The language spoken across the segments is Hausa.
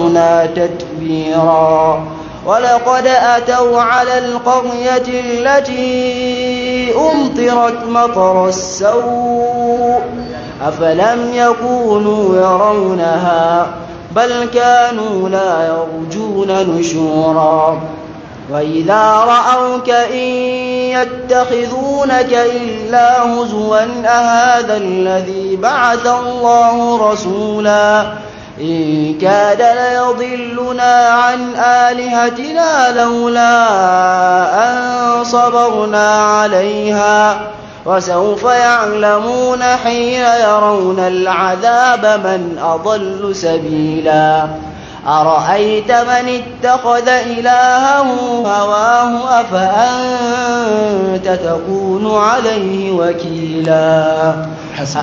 وأمرنا تتبيرا ولقد أتوا على القرية التي أمطرت مطر السوء أفلم يكونوا يرونها بل كانوا لا يرجون نشورا وإذا رأوك إن يتخذونك إلا هزوا أهذا الذي بعث الله رسولا إن كاد ليضلنا عن آلهتنا لولا أن صبرنا عليها وسوف يعلمون حين يرون العذاب من أضل سبيلا أرأيت من اتخذ إلهه هواه أفأنت تكون عليه وكيلا حسن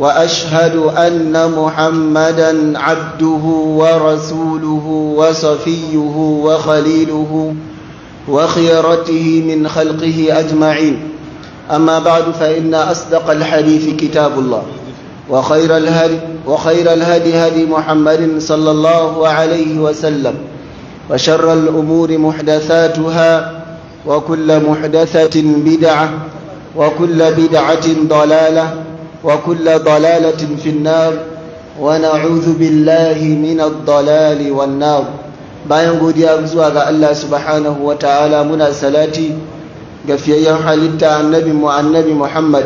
واشهد ان محمدا عبده ورسوله وصفيه وخليله وخيرته من خلقه اجمعين اما بعد فان اصدق الحديث كتاب الله وخير الهدي وخير الهدي هدي محمد صلى الله عليه وسلم وشر الامور محدثاتها وكل محدثه بدعه وكل بدعه ضلاله وكل ضلالة في النار ونعوذ بالله من الضلال والنار bayan godiya zuwa ga Allah subhanahu wa ta'ala muna salati ga fiyayyen halitta annabi mu annabi Muhammad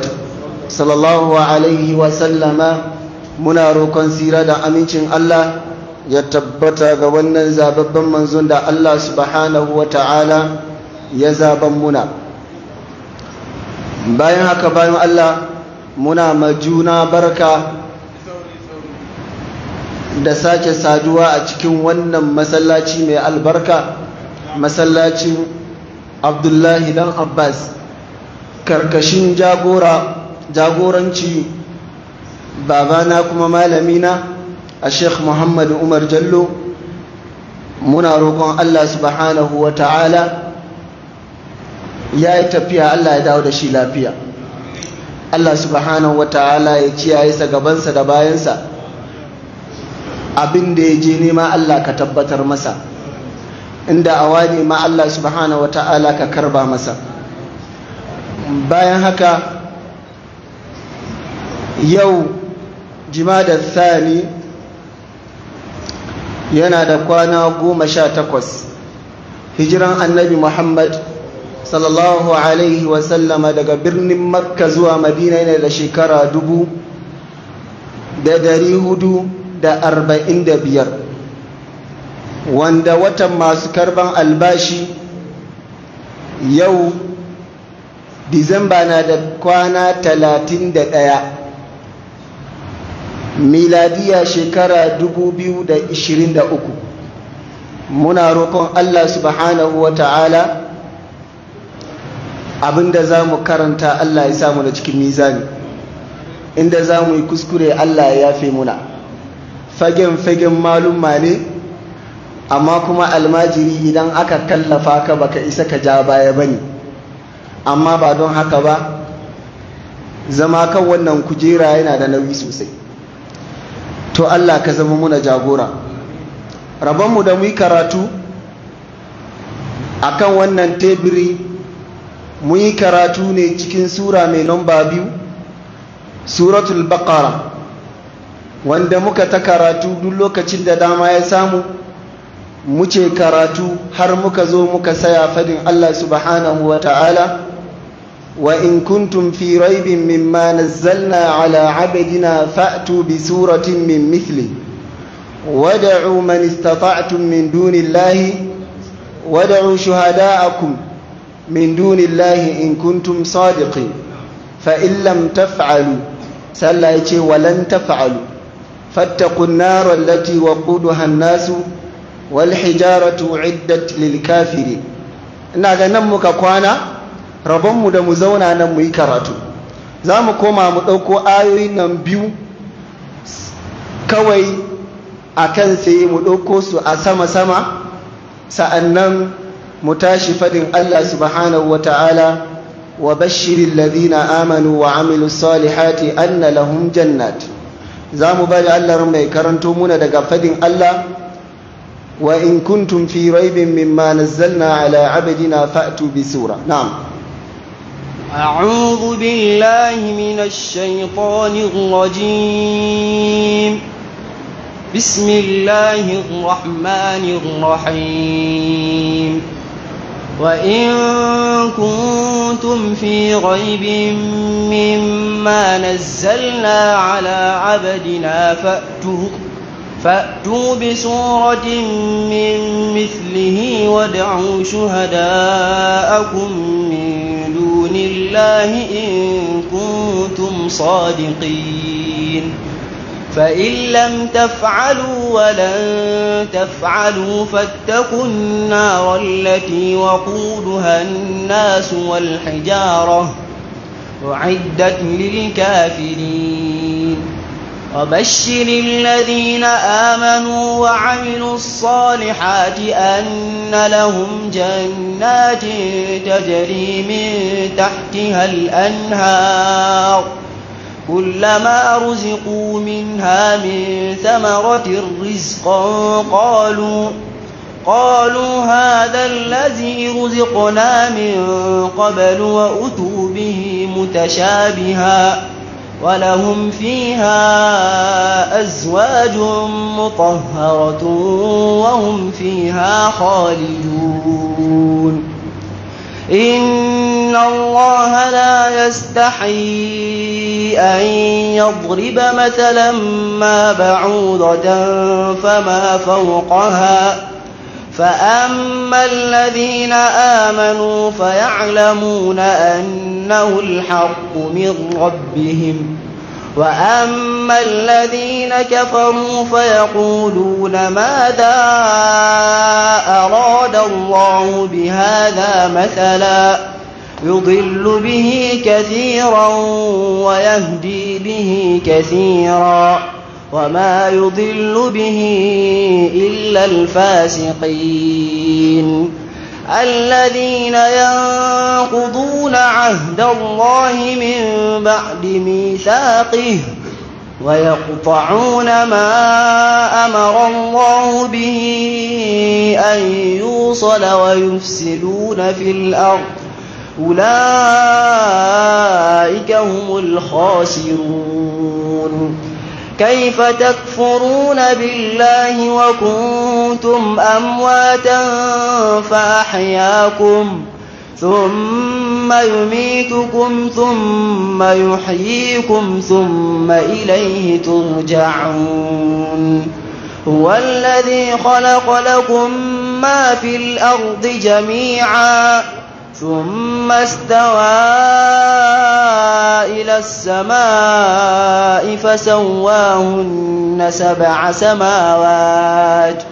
sallallahu alaihi wa sallama muna roƙon sira da amincin Allah ya tabbata ga wannan zababben manzon da Allah subhanahu wa ta'ala ya zaban muna bayan haka bayan Allah muna majuna barka da sake saduwa a cikin wannan masallaci mai albarka masallacin abdullahi dan abbas karkashin jagora jagoranci babana kuma malamina a sheikh muhammadu umar jallo muna roƙon allah subhanahu wa ta'ala ya yi tafiya allah ya dawo da shi lafiya Allah subhanahu wa ta'ala ya kiyaye sa gabansa da bayansa abin da ya je nema Allah ka tabbatar masa inda a waje ma Allah subhanahu wa ta'ala ka karba masa bayan haka yau jimadar thani yana da kwana goma sha takwas hijiran annabi muhammad sallallahu alaihi wasallama daga birnin makka zuwa madina yana da shekara dubu da dari hudu da arba'in da biyar wanda watan masu karban albashi yau disamba na da kwana talatin da ɗaya miladiya shekara dubu biyu da ishirin da uku muna roƙon allah subhanahu wa ta'ala abinda za mu karanta Allah ya samu da cikin mizani inda za mu yi kuskure Allah ya yafe muna fagen-fagen malumma ne amma kuma almajiri idan aka kallafa ka baka isa ka ja baya bane amma ba don haka ba zama kan wannan kujera yana da nauyi sosai to Allah ka zama muna jagora rabonmu da mu yi karatu akan wannan tebiri mun yi karatu ne cikin sura mai lamba biyu suratul baqara wanda muka ta karatu duk lokacin da dama ya samu muce karatu har muka zo muka saya fadin Allah subhanahu wa ta'ala wa in kuntum fi raibin mimma nazzalna ala abdina fa'tu bi suratin min mithli wad'u man istata'tum min dunillahi wad'u shuhada'akum من دون الله إن كنتم صادقين فإن لم تفعلوا سلا ولن تفعلوا فاتقوا النار التي وقودها الناس والحجارة عدت للكافرين ina ga nan muka kwana rabonmu da mu zauna nan mu yi karatu za mu koma mu ɗauko ayoyin nan biyu kawai a kan sai mu ɗauko su a sama-sama sa'annan متاشي فدن الله سبحانه وتعالى وبشر الذين آمنوا وعملوا الصالحات أن لهم جنات زامو بالي الله رمي كرنتمونا دقا فدن الله وإن كنتم في ريب مما نزلنا على عبدنا فأتوا بسورة نعم أعوذ بالله من الشيطان الرجيم بسم الله الرحمن الرحيم وإن كنتم في غيب مما نزلنا على عبدنا فأتوا فأتوا بسورة من مثله وادعوا شهداءكم من دون الله إن كنتم صادقين فإن لم تفعلوا ولن تفعلوا فاتقوا النار التي وقودها الناس والحجارة أعدت للكافرين وبشر الذين آمنوا وعملوا الصالحات أن لهم جنات تجري من تحتها الأنهار كلما رزقوا منها من ثمرة رزقا قالوا قالوا هذا الذي رزقنا من قبل وأتوا به متشابها ولهم فيها أزواج مطهرة وهم فيها خالدون إن الله لا يستحي أن يضرب مثلا ما بعوضة فما فوقها فأما الذين آمنوا فيعلمون أنه الحق من ربهم وأما الذين كفروا فيقولون ماذا أراد الله بهذا مثلاً يضل به كثيرا ويهدي به كثيرا وما يضل به إلا الفاسقين الذين ينقضون عهد الله من بعد ميثاقه ويقطعون ما أمر الله به أن يوصل ويفسدون في الأرض أولئك هم الخاسرون كيف تكفرون بالله وكنتم أمواتا فأحياكم ثم يميتكم ثم يحييكم ثم إليه ترجعون هو الذي خلق لكم ما في الأرض جميعا ثم استوى إلى السماء فسواهن سبع سماوات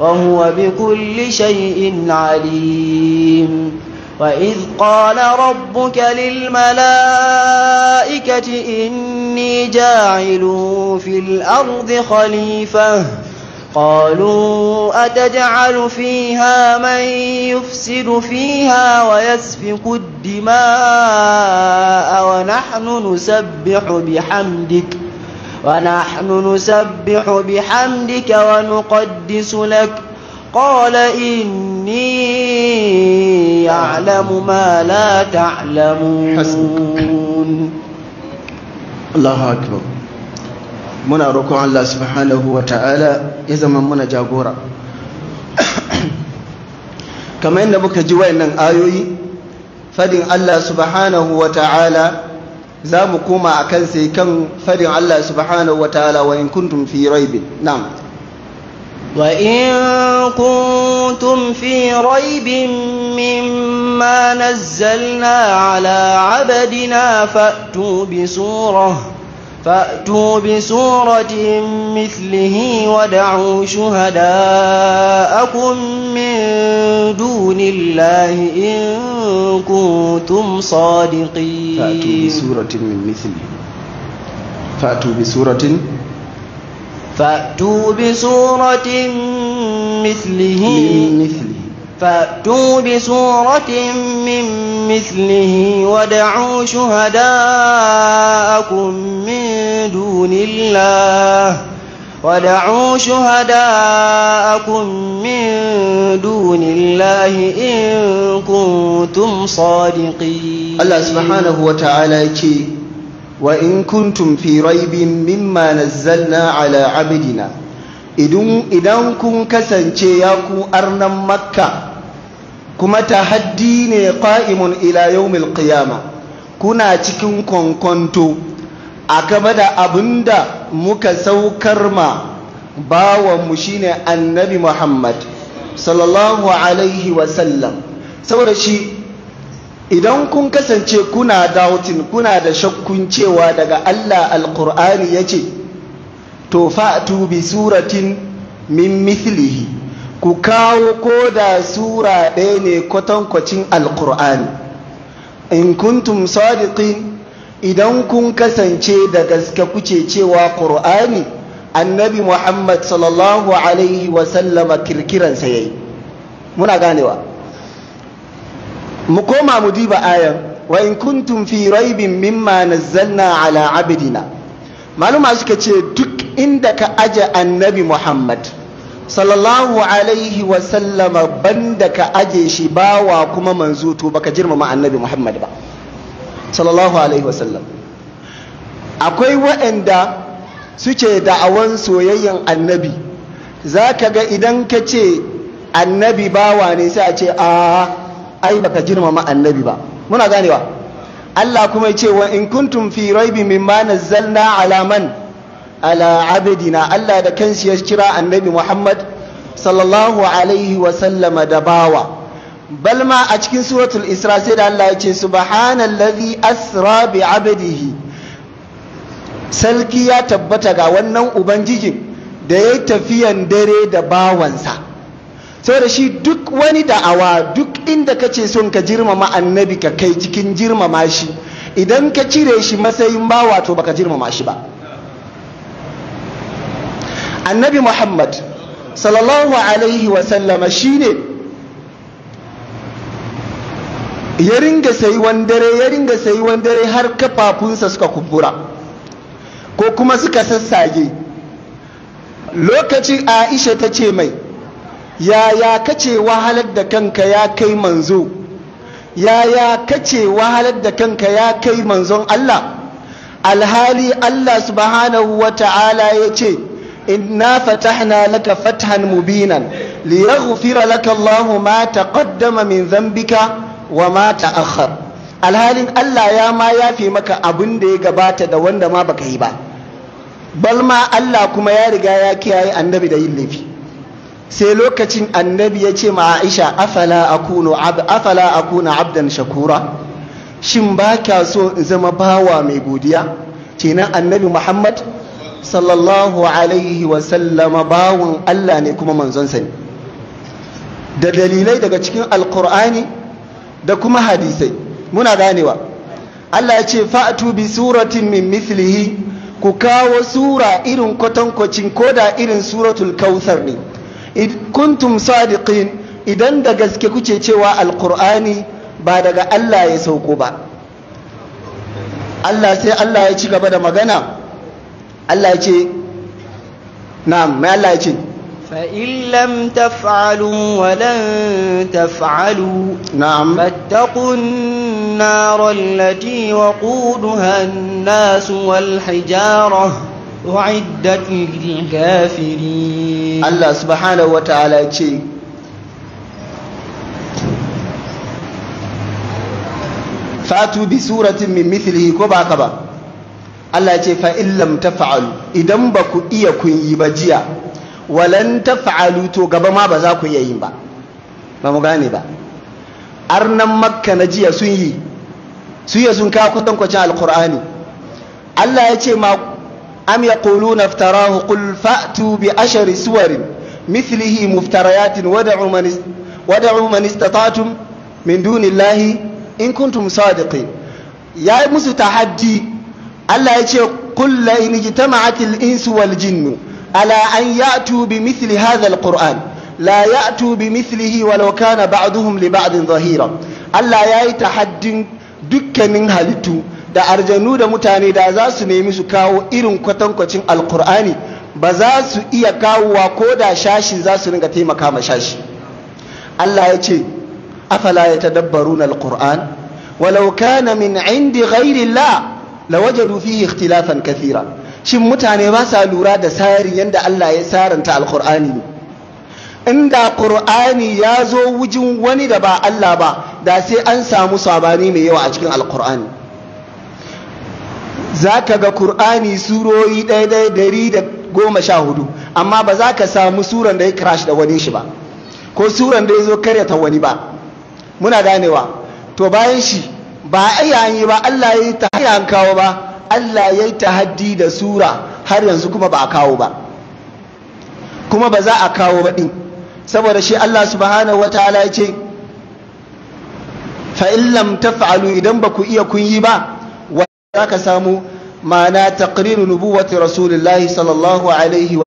وهو بكل شيء عليم وإذ قال ربك للملائكة إني جاعل في الأرض خليفةً قالوا أتجعل فيها من يفسد فيها ويسفك الدماء ونحن نسبح بحمدك ونحن نسبح بحمدك ونقدس لك قال إني يعلم ما لا تعلمون حسن. الله أكبر muna roƙon Allah subhanahu wa ta'ala ya zama muna jagora kamar yadda muka ji wayannan ayoyi fadin Allah subhanahu wa ta'ala za mu koma akan sai kan fadin Allah subhanahu wa ta'ala wa in kuntum fi raibin na'am wa in kuntum fi raibin mimma nazzalna ala abadina fa'tu bi surah فأتوا بسورة مثله ودعوا شهداءكم من دون الله إن كنتم صادقين فأتوا بسورة من مثله فأتوا بسورة فأتوا بسورة مثله من مثله فأتوا بسورة من مثله ودعوا شهداءكم من دون الله ودعوا شهداءكم من دون الله إن كنتم صادقين الله سبحانه وتعالى يقول وإن كنتم في ريب مما نزلنا على عبدنا إذن كن كسنشي ياكو أرنا مكة kuma ta tahaddi ne qa'imun ila yawmil qiyama kuna cikin konkonto a gaba da abinda muka saukar ma bawanmu shine annabi Muhammad sallallahu alaihi wasallam saboda shi idan kun kasance kuna doubting kuna da shakkun cewa daga Allah alqur'ani yace to fa'tu bi suratin min mithlihi ku kawo ko da sura ɗaya ne kwatankwacin alkur'ani in kuntum sadiqin idan kun kasance da gaske kuce cewa ƙur'ani annabi muhammad sallallahu alaihi wasallama kirkiran ya yi muna ganewa mu koma mu diba ayan wa in kuntum fi raibin mimma nazzalna ala abidina maluma suka ce duk inda ka aje annabi muhammad sallallahu alaihi wasallama banda ka aje shi bawa kuma manzo to baka girmama annabi muhammad ba sallallahu alaihi wasallam akwai waɗanda suke da'awan soyayyen annabi za ka ga idan ka ce annabi bawa ne sai a ce a ai baka girmama annabi ba muna ganewa Allah kuma ya ce wa in kuntum fi raibi mimma nazzalna ala man ala abidina Allah da kansu ya kira annabi Muhammad sallallahu alaihi wa sallama da bawa bal ma a cikin suratul isra sai da Allah ya ce subhanallazi asra bi abdihi salki ya tabbata ga wannan ubangijin da ya tafiyan dare da bawansa saboda shi duk wani da'awa duk inda kace son ka girmama annabi ka kai cikin girmama shi idan ka cire shi matsayin bawa to baka girmama shi ba annabi muhammad sallallahu alaihi wasallama shi ne ya ringa sayi dare ya ringa sayi dare har kafafunsa suka kumbura ko kuma suka sassage lokacin aisha ta ce mai yaya kace wahalar da kanka ya kai manzo yaya kace wahalar da kanka ya kai manzon allah alhali allah subhanahu wa ta'ala ya ce إنا فتحنا لك فتحا مبينا ليغفر لك الله ما تقدم من ذنبك وما تأخر alhalin Allah ya ma yafe maka abin da ya gabata da wanda ma baka yi ba bal ma Allah kuma ya riga ya kiyaye annabi da yin laifi sai lokacin annabi ya ce ma Aisha afala akunu ab afala akuna abdan shakura shin ba so in zama bawa mai godiya kenan annabi Muhammad sallallahu alaihi wasallama bawon Allah ne kuma manzonsa ne da dalilai daga cikin alkur'ani da kuma hadisai muna ganewa Allah ya ce fa'atu bi suratin min mislihi ku kawo sura irin kwatankwacin koda irin suratul kautsar ne kuntum sadiqin idan da gaske kuce cewa alkur'ani ba daga Allah ya sauko ba Allah sai Allah ya ci gaba da magana Allah ya ce na'am mai Allah ya ce fa’in lam ta fa’alun walan ta fa’alu na’am fattakun narar wa ƙudu hannasu wal hijara Allah subhanahu wa ta’ala ce fatu bi suratin min mithlihi ko ba ka ba Allah ya ce fa in taf'alu idan ba ku iya kun yi ba jiya walan taf'alu to gaba ma ba za ku iya yin ba ba mu gane ba arnan makka na jiya sun yi su ya sun kawo kwatankwacin alkur'ani Allah ya ce ma am yaquluna iftarahu qul fa'tu bi ashari suwarin mithlihi muftarayatin wad'u man wad'u man istata'tum min dunillahi in kuntum sadiqin yayi musu tahaddi Allah ya ce kulla in jitama'atil insu wal jinnu ala an ya'tu bi mithli hadha alquran la ya'tu bi mithlihi walau kana ba'duhum li ba'din zahira Allah ya yi tahaddin dukkanin halittu da arjanu da mutane da za su nemi su kawo irin kwatankwacin alkur'ani ba za su iya kawowa ko da shashi za su ringa taimaka ma shashi Allah ya ce afala yatadabbaruna tadabbaruna walau kana min indi Allah lawajadu fihi ikhtilafan kathira shin mutane ba sa lura da sarin yadda Allah ya saranta alkur'ani ne inda qur'ani ya zo wujin wani da ba Allah ba da sai an samu sabani mai yawa a cikin alkur'ani zaka ka ga qur'ani surori ɗaya dari da goma sha hudu amma ba za ka samu suran da ya crash da wani shi ba ko suran da ya zo karyata wani ba muna ganewa to bayan shi ba yi ba Allah ya yi ta hanyar kawo ba Allah ya yi haddi da sura har yanzu kuma ba a kawo ba kuma ba za a kawo ba ɗin saboda shi Allah subhanahu wataala ya ce fa in lam taf'alu idan ba ku iya kun yi ba wa za ka samu ma'ana taqriru nubuwati rasulillahi sallallahu alaihi wa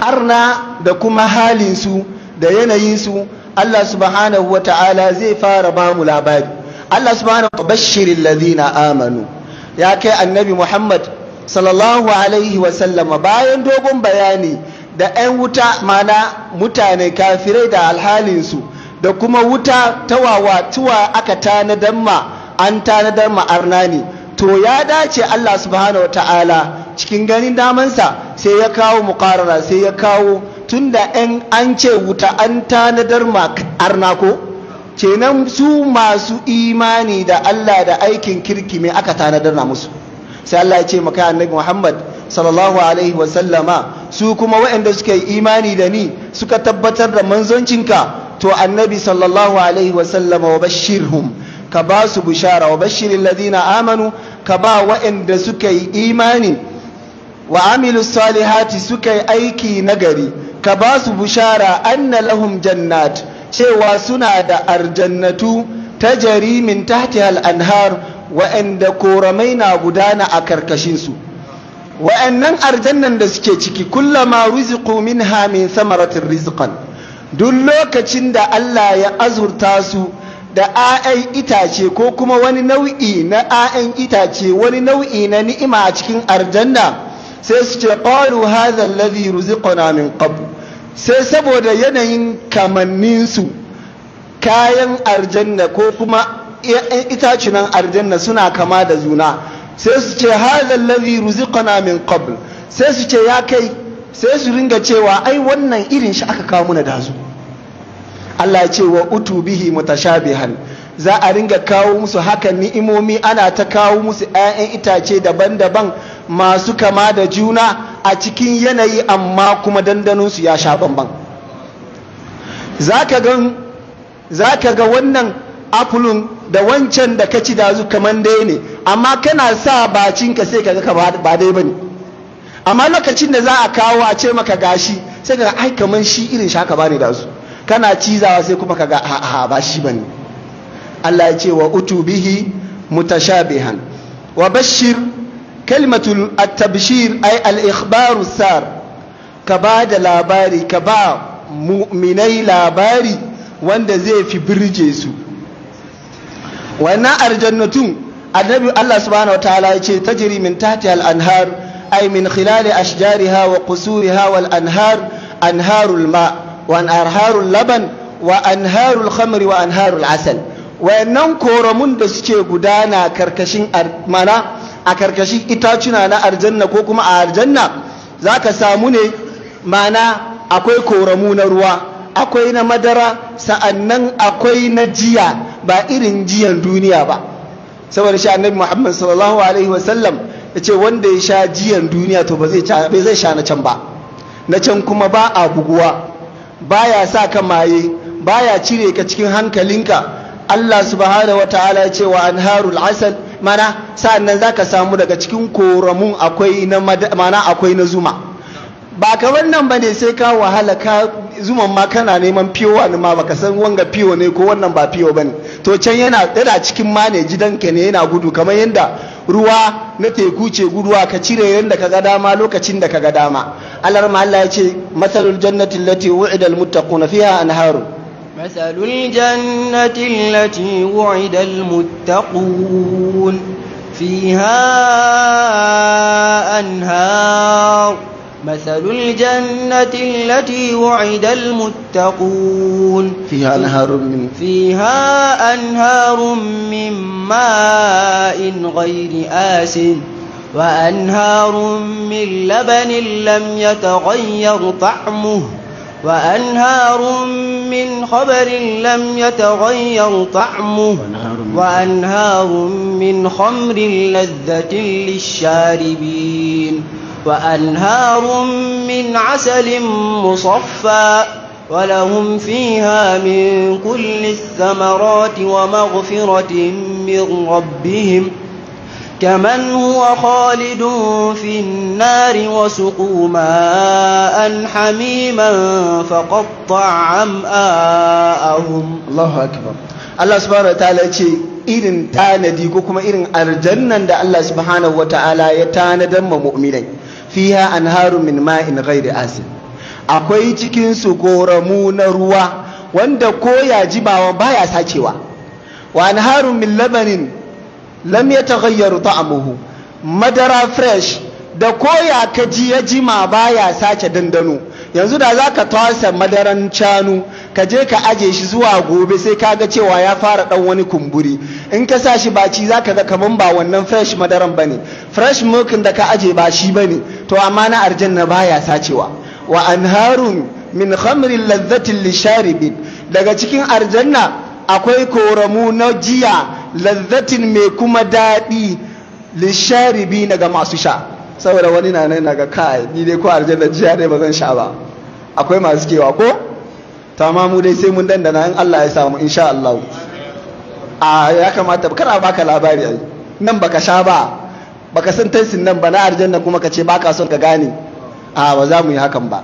arna da kuma halinsu da yanayinsu Allah subhanahu wa ta'ala zai fara ba mu labari Allah subhanahu wa bashirin lazina amanu ya kai annabi Muhammad sallallahu alaihi wa sallama bayan dogon bayani da 'yan wuta mana mutane kafirai da alhalinsu da kuma wuta ta wawatuwa aka tanadar ma an tanadar ma arna ne to ya dace Allah subhanahu wa ta'ala cikin ganin damansa sai ya kawo mukarara sai ya kawo tunda yan an ce wuta an tanadar arnako kenan su masu imani da Allah da aikin kirki mai aka tanadar na musu sai Allah ya ce maka annabi Muhammad sallallahu alaihi wa sallama su kuma waɗanda suka yi imani da ni suka tabbatar da manzoncinka to annabi sallallahu alaihi wa sallama wa bashirhum ka ba su bishara wa bashirin ladina amanu ka ba waɗanda suka yi imani wa amilu salihati suka yi aiki nagari ka ba su bushara anna lahum jannat cewa suna da arjannatu ta jarimin tahtihal anhar wa'anda koramai na gudana a karkashinsu wa'annan arjannan da suke ciki kullama ruziqu minha min samaratin rizqan duk lokacin da Allah ya azurta su da 'ya'yan itace ko kuma wani nau'i na 'ya'yan itace wani nau'i na ni'ima a cikin arjanna sai su ce qalu hadha alladhi na min ƙabu sai saboda yanayin kamanninsu kayan arjanna ko kuma itacinan aljanna suna kama da juna sai su ce hadha alladhi na min ƙabu sai su ce ya kai sai su ringa cewa ai wannan irin shi aka kawo muna dazu Allah ce wa utu bihi mutashabihan za a ringa kawo musu haka ni'imomi ana ta kawo musu 'ya'yan itace daban-daban masu kama da juna a cikin yanayi amma kuma dandanunsu ya sha bamban za ka ga wannan apulun da wancan da ka ci dazu kamar dai ne amma kana sa ka sai ka ga ba dai ba ne amma lokacin da za a kawo a ce maka gashi sai ka ai kaman shi irin ka ba ne dazu kana cizawa sai kuma ka ga a'a ba shi ba ne Allah ya ce wa utu bihi mutashabihan wa bashir kalimatul atabshir ay al-ikhbaru sar ka ba da labari ka ba mu'minai labari wanda zai fi birge su wannan arjannatun annabi Allah subhanahu wataala ya ce tajri min tahti al-anhar ay min khilali ashjariha wa qusuriha wal anhar anharul ma wa anharul laban wa anharul khamri wa anharul asal wayannan koramun da suke gudana karkashin mana a karkashin itacuna na aljanna ko kuma a arjanna za ka samu ne mana akwai koramu na ruwa akwai na madara sa'annan akwai na jiya ba irin jiyan duniya ba saboda shi annabi muhammad sallallahu alaihi wasallam ya ce wanda ya sha jiyan duniya to ba zai sha na can ba na can kuma ba a buguwa ya sa ka maye ya cire ka cikin hankalinka Allah subhanahu wa ta'ala ce wa anharul asal mana nan zaka samu daga cikin koramun akwai na mana akwai na zuma ba ka wannan bane sai ka wahala ka zuman ma kana neman fiyo wani ma baka san wanga fiyo ne ko wannan ba fiyo bane to can yana yana cikin ma ne gidanka ne yana gudu kamar yanda ruwa na teku ce guduwa ka cire yanda ka ga dama lokacin da ka ga dama alarma Allah ya ce masalul jannati allati wu'ida muttaquna fiha anharu مثل الجنة التي وعد المتقون فيها أنهار مثل الجنة التي وعد المتقون فيها أنهار من فيها أنهار من ماء غير آس وأنهار من لبن لم يتغير طعمه وأنهار من خبر لم يتغير طعمه وأنهار من خمر لذة للشاربين وأنهار من عسل مصفى ولهم فيها من كل الثمرات ومغفرة من ربهم ۖ كمن هو خالد في النار وسقوا ماء حميما فقطع أمآهم الله أكبر الله سبحانه وتعالى irin tanadi ko kuma irin aljannan da Allah subhanahu wa ta'ala ya tanadar ma mu'minai fiha anharu min ma'in ghairi asin akwai cikin su goramu na ruwa wanda ko ya jibawa baya sacewa wa anharu min labanin lam ya taghayyaru ta'amuhu madara fresh da koya ka ji ya jima baya sace dandano yanzu da za ka tasa madaran canu ka je ka aje shi zuwa gobe sai ka ga cewa ya fara dan wani kumburi in ka sa shi baci za ka ga kaman ba wannan fresh madaran bane fresh milk da ka aje ba shi bane to amma na arjanna baya sacewa wa anharun min khamri ladhatin lisharibin daga cikin arjanna akwai koramu na jiya lazzatin mai kuma daɗi lisharibi na ga masu sha saboda wani na nan ga kai ni dai ko aljanna jiya ne ba zan sha ba akwai masu kewa ko tamamu dai sai mun dandana in Allah ya samu insha Allah a ya kamata kana baka labari ai nan baka sha ba baka san tansin nan ba na aljanna kuma ka ce baka son ka gane a ba za mu yi hakan ba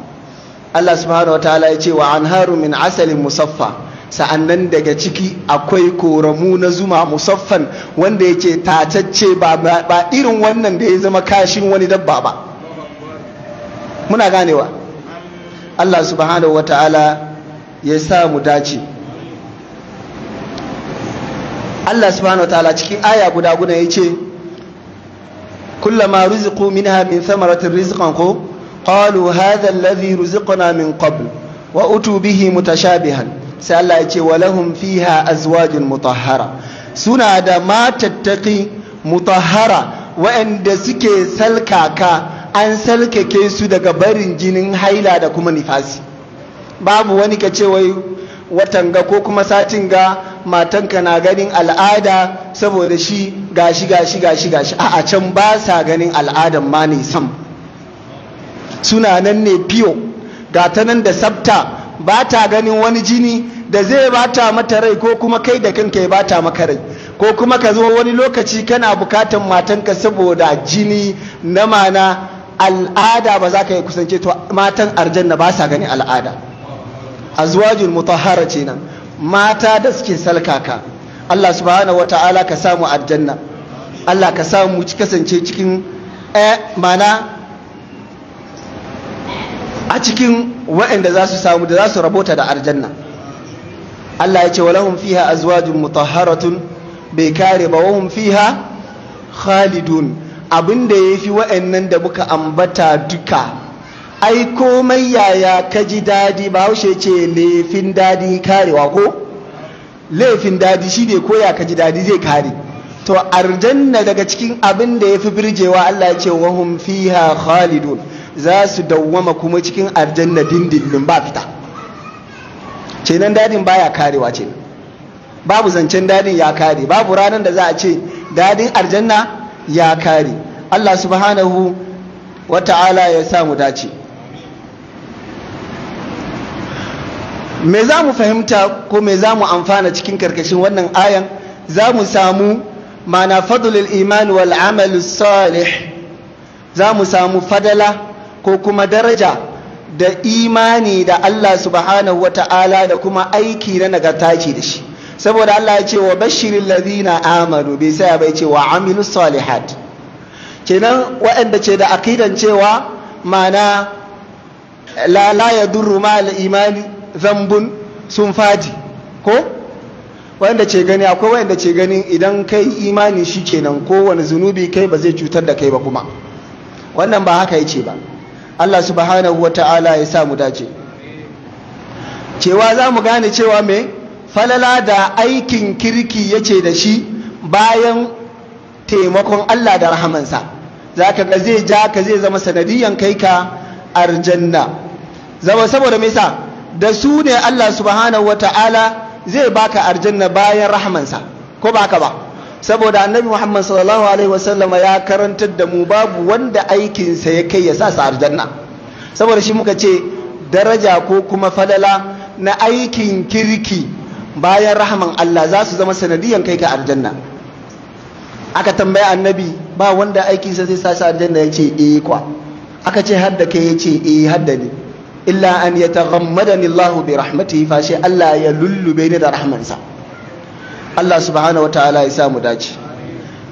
Allah subhanahu wataala ya ce wa anharu min asalin musaffa sa'annan daga ciki akwai koramu na zuma musaffan wanda yake tatacce ba irin wannan da ya zama kashin wani dabba ba muna ganewa Allah subhanahu wa ta'ala ya sa mu dace Allah subhanahu wa ta'ala cikin aya guda guda ya ce kullama rizqu minha min thamaratin rizqan ko qalu hadha alladhi ruziqna min qabl wa utu bihi mutashabihan sai Allah ya ce walahum fiha azwajun mutahhara suna da matattaki mutahhara waɗanda suke salkaka an salkake su daga barin jinin haila da kuma nifasi babu wani ka ce wai watan ga ko kuma satin ga matanka na ganin al'ada saboda shi gashi gashi gashi gashi a can ba sa ganin al'adan ma ne sam suna nan ne fiyo ga ta nan da sabta ba ta ganin wani jini da zai ba ta mata rai ko kuma kai da kanka ya bata maka rai ko kuma ka zo wani lokaci kana bukatan matanka saboda jini na mana al'ada ba za ka yi kusance to matan arjanna ba sa ganin al'ada azwajul mutahhara ce nan mata da suke salkaka Allah subhanahu wata'ala ka samu aljanna Allah ka samu kasance cikin eh mana a cikin waanda za su samu da za su rabota da aljanna Allah ya ce walahum fiha azwajun mutahharatun bai kare ba wahum fiha khalidun abin ya fi wa'annan da muka ambata duka ai komai yaya ka ji dadi ba haushe ce laifin dadi karewa ko laifin dadi shi ne koya ka ji dadi zai kare to aljanna daga cikin abinda da ya fi birgewa Allah ya ce wahum fiha khalidun za su dawwama kuma cikin aljanna dindindin ba fita kenan dadin baya karewa ce babu zancen dadin ya kare babu ranar da za a ce dadin aljanna ya kare Allah subhanahu wa ta'ala ya mu dace me za mu fahimta ko me za mu amfana cikin karkashin wannan ayan za mu samu mana fadlul iman wal amalu salih za mu samu fadala ko kuma daraja da imani da Allah subhanahu wa ta'ala da kuma aiki na nagarta ce da shi saboda Allah ya ce wa bashirin ladina amanu bai sai bai ce wa amilu salihat kenan waɗanda ce da akidan cewa mana la la yadurru ma al-imani zambun sun faji ko waɗanda ce gani akwai waɗanda ce gani idan kai imani shi kenan kowane zunubi kai ba zai cutar da kai ba kuma wannan ba haka yace ba Allah subhanahu wa ta'ala ya sa mu dace cewa za mu gane cewa me falala da aikin kirki yace da shi bayan taimakon Allah da rahamansa za ka ga zai ja ka zai zama sanadiyan kai ka arjanna zama saboda me sa da su ne Allah subhanahu wa ta'ala zai baka arjanna bayan rahamansa ko baka ba saboda annabi muhammad sallallahu alaihi wasallam ya karantar da mu babu wanda aikinsa ya kai ya sa sa aljanna saboda shi muka ce daraja ko kuma falala na aikin kirki bayan rahman allah za su zama sanadiyan kai ka aljanna aka tambaya annabi ba wanda aikinsa zai sa sa aljanna ya ce eh kwa aka ce har da kai ya ce eh har da ni illa an yataghammadani allah bi rahmatihi fa shi allah ya lullube ni da rahmansa Allah subhanahu wa ta'ala ya samu dace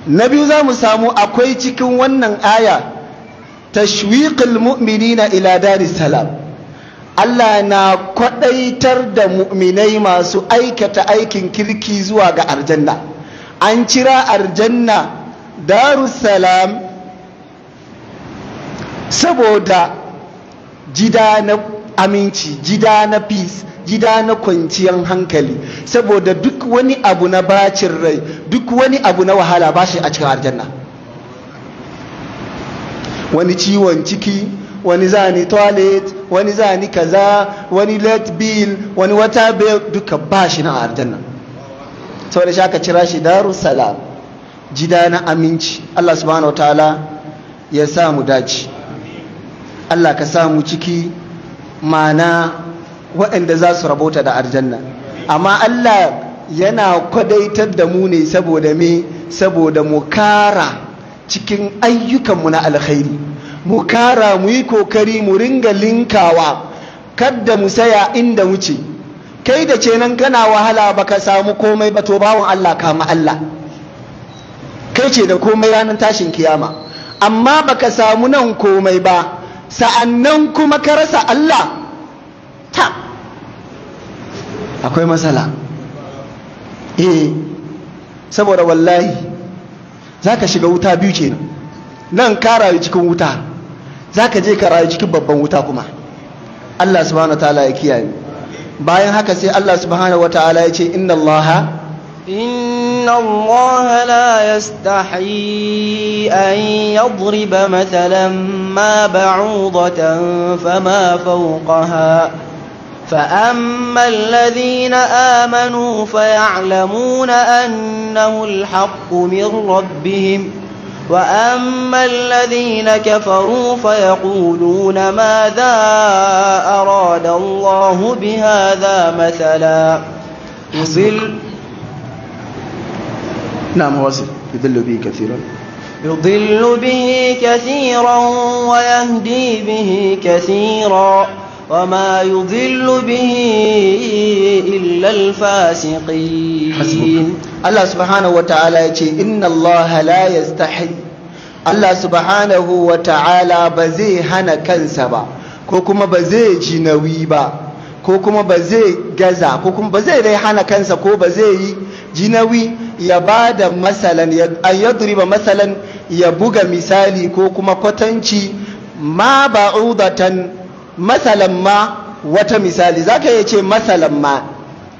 na biyu za mu samu akwai cikin wannan aya tashwiqul mu'minina ila daris salam Allah na kwadaitar da mu'minai masu aikata aikin kirki zuwa ga Aljanna. an cira aljanna darus salam saboda jida na aminci jida na peace gida na kwanciyar hankali saboda duk wani abu na bacin rai duk wani abu na wahala ba shi a cikin aljanna wani ciwon ciki wani zani toilet wani zani kaza wani late bill wani wata bill duka ba shi na aljanna saboda shi aka cira shi darussalam gida na aminci Allah subhanahu wa ta'ala ya samu dace Allah ka samu ciki mana waɗanda za su rabota da aljanna amma Allah yana kwadaitar da mu ne saboda me saboda mu kara cikin ayyukanmu na alkhairi mu kara mu yi kokari mu ringa linkawa kadda mu saya inda wuce kai da ce nan kana wahala baka samu komai ba to bawon Allah kama Allah kai ce da komai ranar tashin kiyama amma baka samu nan komai ba sa'annan kuma ka rasa Allah ta akwai masala eh saboda wallahi zaka shiga wuta biyu kenan nan ka rayu cikin wuta zaka je ka rayu cikin babban wuta kuma Allah subhanahu wataala ya kiyaye bayan haka sai Allah subhanahu wataala ya ce inna Allah inna Allah la yastahi an yadriba mathalan ma ba'udatan fama fawqaha فأما الذين آمنوا فيعلمون أنه الحق من ربهم وأما الذين كفروا فيقولون ماذا أراد الله بهذا مثلا يضل نعم وزل يضل به كثيرا يضل به كثيرا ويهدي به كثيرا وما يضل به إلا الفاسقين حسبك. الله سبحانه وتعالى يقول إن الله لا يستحي Allah subhanahu wa ta'ala ba zai hana kansa ba ko kuma ba zai ji nauyi ko kuma ba zai gaza ko kuma ba zai hana kansa ko ba zai yi ji nauyi ya ba da masalan an yadriba masalan ya buga misali ko kuma kwatanci ma ba'udatan masalan ma wata misali zaka yace ce masalan ma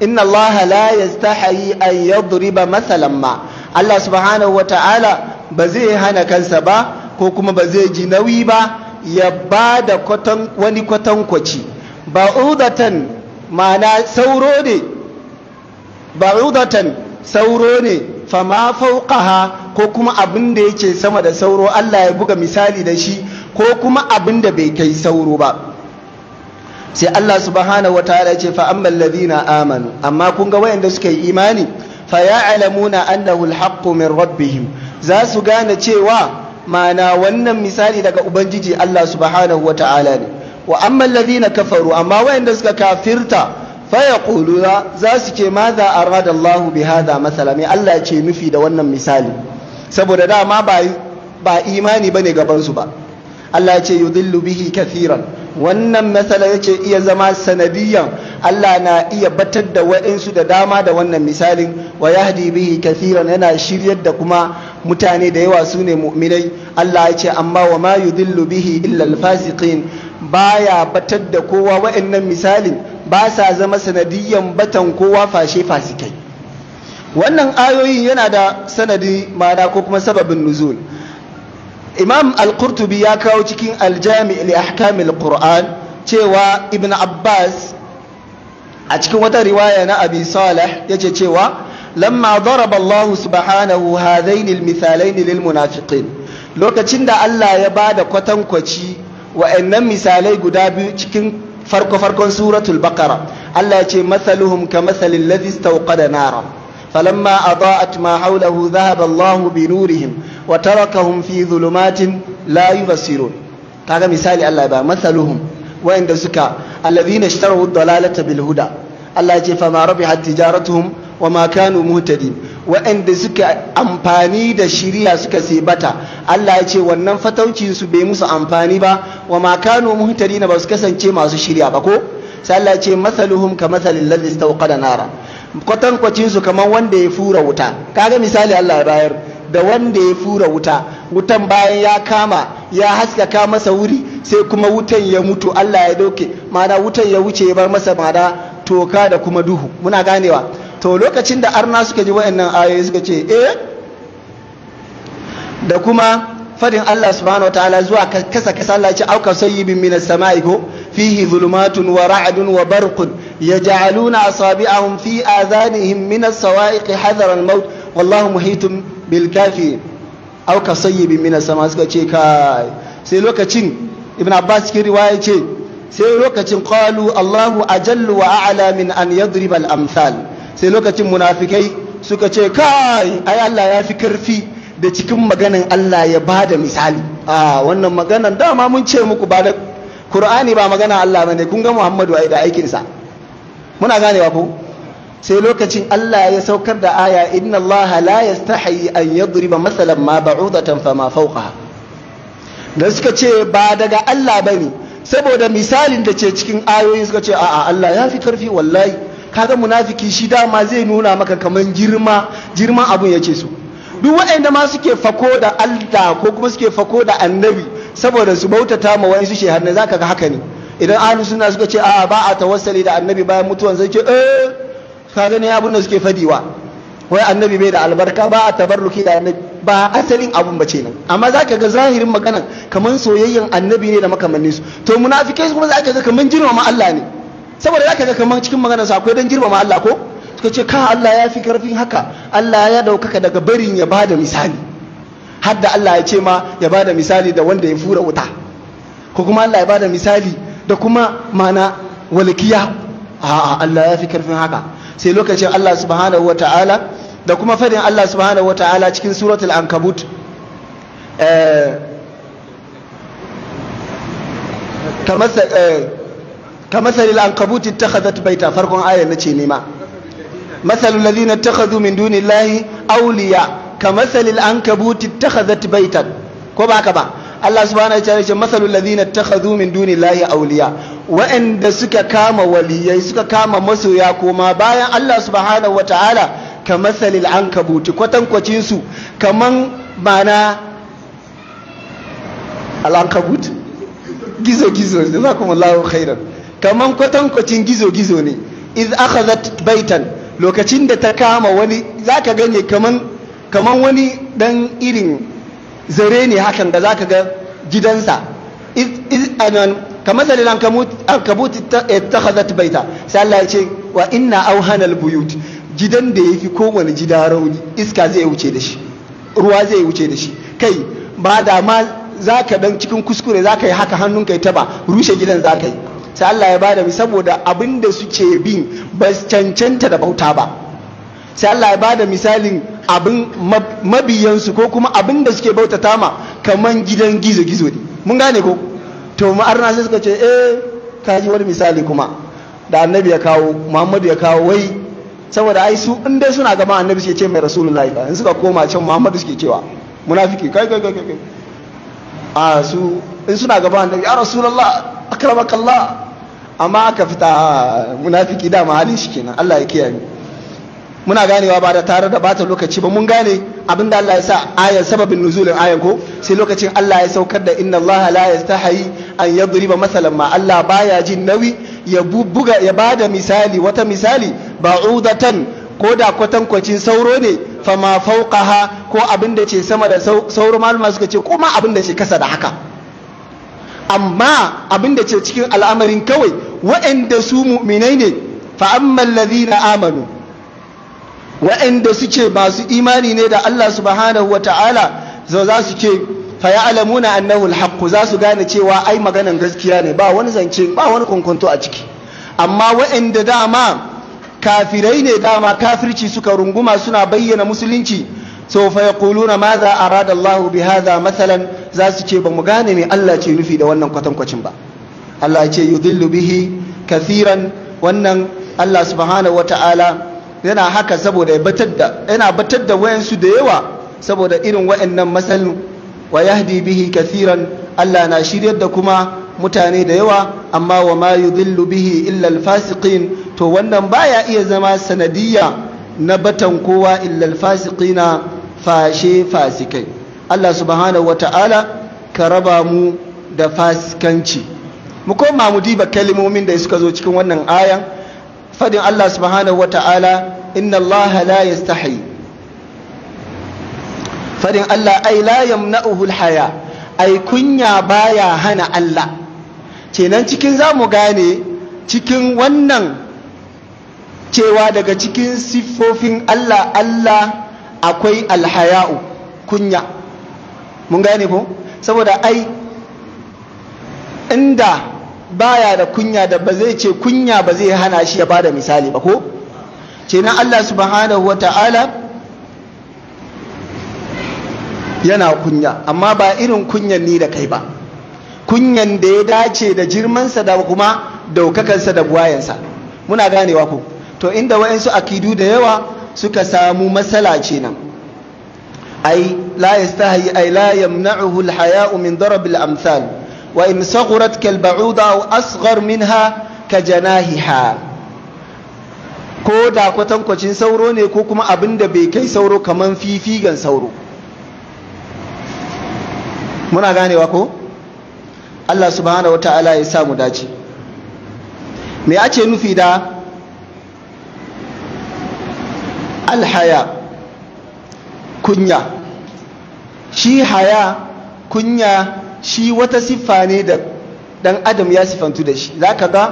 inna allaha la yastahi an yadriba masalan ma Allah subhanahu wata'ala ba zai hana kansa ba ko kuma ba zai ji nauyi ba ya ba da wani kwatankwaci ba'udatan sauro ne ba'udatan sauro ne fama ko kuma abin da yake sama da sauro Allah ya buga misali da shi ko kuma abin da bai kai sauro ba sai Allah subhanahu wataala ya ce fa ammal ladina amanu amma kun ga wayanda suka yi imani fa ya'lamuna annahu alhaqqu min rabbihim za su gane cewa mana wannan misali daga ubangiji Allah subhanahu wataala ne wa ammal ladina kafaru amma wayanda suka kafirta fa yaquluna za su ce za arada Allah bi hadha masala me Allah ce nufi da wannan misali saboda dama ba ba imani bane gaban su ba Allah ya ce yudillu bihi kathiran wannan matsala ce iya zama sanadiyan Allah na iya batar da wa'insu da dama da wannan misalin wa yahdi bihi kathiran yana shiryar da kuma mutane da yawa su ne mu'minai Allah ya ce amma wa ma yudillu bihi illa al-fasiqin baya batar da kowa wa'annan misalin ba sa zama sanadiyan batan kowa fashe fasikai wannan ayoyin yana da sanadi ma'ana ko kuma sababin nuzul imam al-qurtubi ya kawo cikin aljami li ahkamil qur'an cewa ibn abbas a cikin wata riwaya na abi salih yace cewa lamma daraba allah subhanahu hadain al-mithalain lil munafiqin lokacin da allah ya bada kwatankwaci wa'annan misalai guda biyu cikin farko farkon suratul baqara allah ya ce mathaluhum ka mathalil ladhi istawqada nara falamma adaa'at ma hawlahu dhahaba allah bi nurihim wa tarakahum fi zulumatin la yubsirun kaga misali Allah ba masaluhum wa'inda suka alladhina ishtarahu dalalata bil huda Allah ce fa ma rabihat tijaratuhum wa ma kanu muhtadin wa'inda suka amfani da shiriya suka sebata Allah ya ce wannan fataucin su bai musu amfani ba wa ma kanu muhtadin ba su kasance masu shiriya ba ko sai Allah ya ce masaluhum ka masalil ladhi istawqada nara kwatankwacin su kamar wanda ya fura wuta kaga misali Allah ya bayar da wanda ya fura wuta wutan bayan ya kama ya haskaka masa wuri sai kuma wutan ya mutu Allah ya doke ma'ana wutan ya wuce ya bar masa ma'ana toka da kuma duhu muna ganewa to lokacin da arna suka ji wa'annan ayoyi suka ce eh da kuma fadin Allah subhanahu ta'ala zuwa kasa kasa Allah ce auka sayyibin minas sama'i ko fihi zulumatun wa ra'dun wa barqun yaj'aluna asabi'ahum fi adhanihim minas sawa'iqi hadhara al-maut wallahu muhitun bilkafi au ka sayyibin min sama suka ce ka sai lokacin ibn abbas cikin riwaya ce sai lokacin qalu allahu ajallu wa a'la min an yadriba al amsal sai lokacin munafikai suka ce kai ai allah ya fi karfi da cikin maganan allah ya bada misali a wannan maganan dama mun ce muku ba da qur'ani ba magana allah bane kun ga muhammadu ai da aikinsa muna ganewa ko sai lokacin Allah ya saukar da aya inna Allah la yastahi an yadriba masalan ma ba'udatan fama fawqa da suka ce ba daga Allah bane saboda misalin da ce cikin ayoyin suka ce a'a Allah ya fi karfi wallahi kaga munafiki shi dama zai nuna maka kaman girma girma abun yake so duk waɗanda ma suke fako da Allah ko kuma suke fako da annabi saboda su bautata ma wani su shehanna zaka ga haka ne idan ahlus sunna suka ce a ba a tawassali da annabi bayan mutuwan sai ce eh ka gani abin da suke fadiwa wai annabi bai da albarka ba a tabarruki da annabi ba asalin abun bace nan amma ka ga zahirin magana kaman soyayyen annabi ne da makamannin su to munafikai kuma ka ga kaman ma Allah ne saboda zaka ga kamar cikin maganar sa akwai dan ma Allah ko suka ce ka Allah ya fi karfin haka Allah ya daukaka daga barin ya bada misali har da Allah ya ce ma ya bada misali da wanda ya fura wuta ko kuma Allah ya bada misali da kuma mana walkiya a'a Allah ya fi karfin haka sai lokacin Allah subhanahu wata'ala da kuma fadin Allah subhanahu wata'ala cikin suratul ankabut kamar eh, eh, ankabut ittakhadhat baita farkon ayan na ce nema مثل الذين اتخذوا من دون الله أولياء كمثل العنكبوت ba بيتا كما كما الله سبحانه وتعالى مثل الذين اتخذوا min دون الله أولياء wa'anda suka kama waliyai suka kama masoya koma bayan Allah subhanahu wata'ala ka masalil an kabuti kwatankwacin su kaman mana al'ankabut gizo-gizo za kuma lawo khairan kaman kwatankwacin gizo-gizo ne iz akhazat baitan lokacin da ta kama wani za ka gane kaman kaman wani dan irin zare ne hakan da za ka ga gidansa iz anan kamar zalil ankabuti ta eh, baita sai Allah ya ce wa inna buyut gidan da yafi kowane gida rauni iska zai wuce da shi ruwa zai wuce da shi kai ba da ma zaka dan cikin kuskure zaka yi haka hannun kai taba rushe gidan zakayi. yi sai Allah ya bada saboda abin da suke bin ba cancanta da bauta ba sai Allah ya bada misalin abin mabiyansu ko kuma abin da suke bautata ma kaman gidan gizo-gizo ne mun gane ko to ma'arna sai suka ce eh kaji wani misali kuma da annabi ya kawo muhammadu ya kawo wai saboda ai su in dai suna gaba annabi suke ce mai rasulullahi ba in suka koma can muhammadu suke cewa munafiki kai kai kai kai a su in suna gaba annabi ya rasulullah akramakallah amma aka fita ah, munafiki dama halin shi kenan Allah ya kiyaye muna ganewa ba da tare da bata lokaci ba mun gane abin da Allah ya sa ayan sababin nuzulin ayan ko sai lokacin Allah ya saukar da inna Allah la yastahi an yadriba masalan ma Allah baya jin nawi ya bubuga ya bada misali wata misali ba'udatan ko da kwatankwacin sauro ne fama fauqaha ko abin da ce sama da sauro malama suka ce ko ma abin da ce kasa da haka amma abin da ce cikin al'amarin kawai waɗanda su mu'minai ne fa amma amanu wa'anda suke masu imani ne da Allah subhanahu wa ta'ala za su ce alamuna annahu alhaqqu za su gane cewa ai maganan gaskiya ne ba wani zance ba wani kunkunto a ciki amma wa'anda dama kafirai ne dama kafirci suka runguma suna bayyana musulunci so fa yaquluna madha arada Allah bi hadha masalan za su ce ba mu gane me Allah ce nufi da wannan kwatankwacin ba Allah ya ce yudillu bihi kathiran wannan Allah subhanahu ta'ala. yana haka saboda ya batar da yana batar da wayansu da yawa saboda irin wayannan matsalu wa yahdi bihi kathiran Allah na shiryar da kuma mutane da yawa amma wa ma yudhillu bihi illa al-fasiqin to wannan baya iya zama sanadiyya na batan kowa illa al-fasiqina fashe fasikai Allah subhanahu wata'ala ka raba mu da fasikanci mu koma mu diba kalmomin da suka zo cikin wannan ayan fadin Allah subhanahu wa ta'ala inna Allah la yastahi fadin Allah ai la yamna'uhu haya ai kunya baya hana Allah kenan cikin zamu gane cikin wannan cewa daga cikin siffofin Allah Allah akwai alhaya'u kunya mun gane ko saboda ai inda baya da kunya da ba zai ce kunya ba zai hana shi ya bada misali ba ko na Allah subhanahu Ta'ala yana kunya amma ba irin kunyan ni da kai ba kunyan da ya dace da girmansa da kuma daukakansa da buwayensa muna ganewa ko to inda wa'insu akidu da yawa suka samu matsala ce nan ai la yastahi ai la yamna'uhu al-haya'u min darab al وإن صغرت كالبعوضة أو أصغر منها كجناهها ko da kwatankwacin sauro ne ko kuma abin da bai kai sauro kamar fifigan sauro muna ganewa ko Allah subhanahu wa ta'ala ya sa mu dace me ake nufi da alhaya kunya shi haya kunya shi wata siffa ne da dan adam ya siffantu da shi za ka ga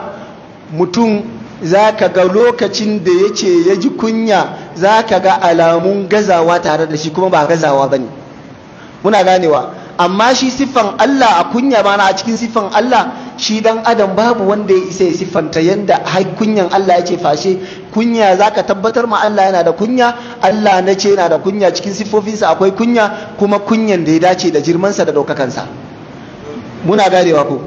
mutum za ka ga lokacin da ya ce ya ji kunya za ka ga alamun gazawa tare da shi kuma ba gazawa ba ne muna ganewa amma shi siffan Allah a kunya ba na a cikin siffan Allah shi dan adam babu wanda ya isa ya siffanta yadda hai kunyan Allah ya ce fashe kunya za ka tabbatar ma Allah yana da kunya Allah na ce yana da kunya cikin siffofinsa akwai kunya kuma kunyan da ya dace da girmansa da ɗaukakansa. muna ganewa ko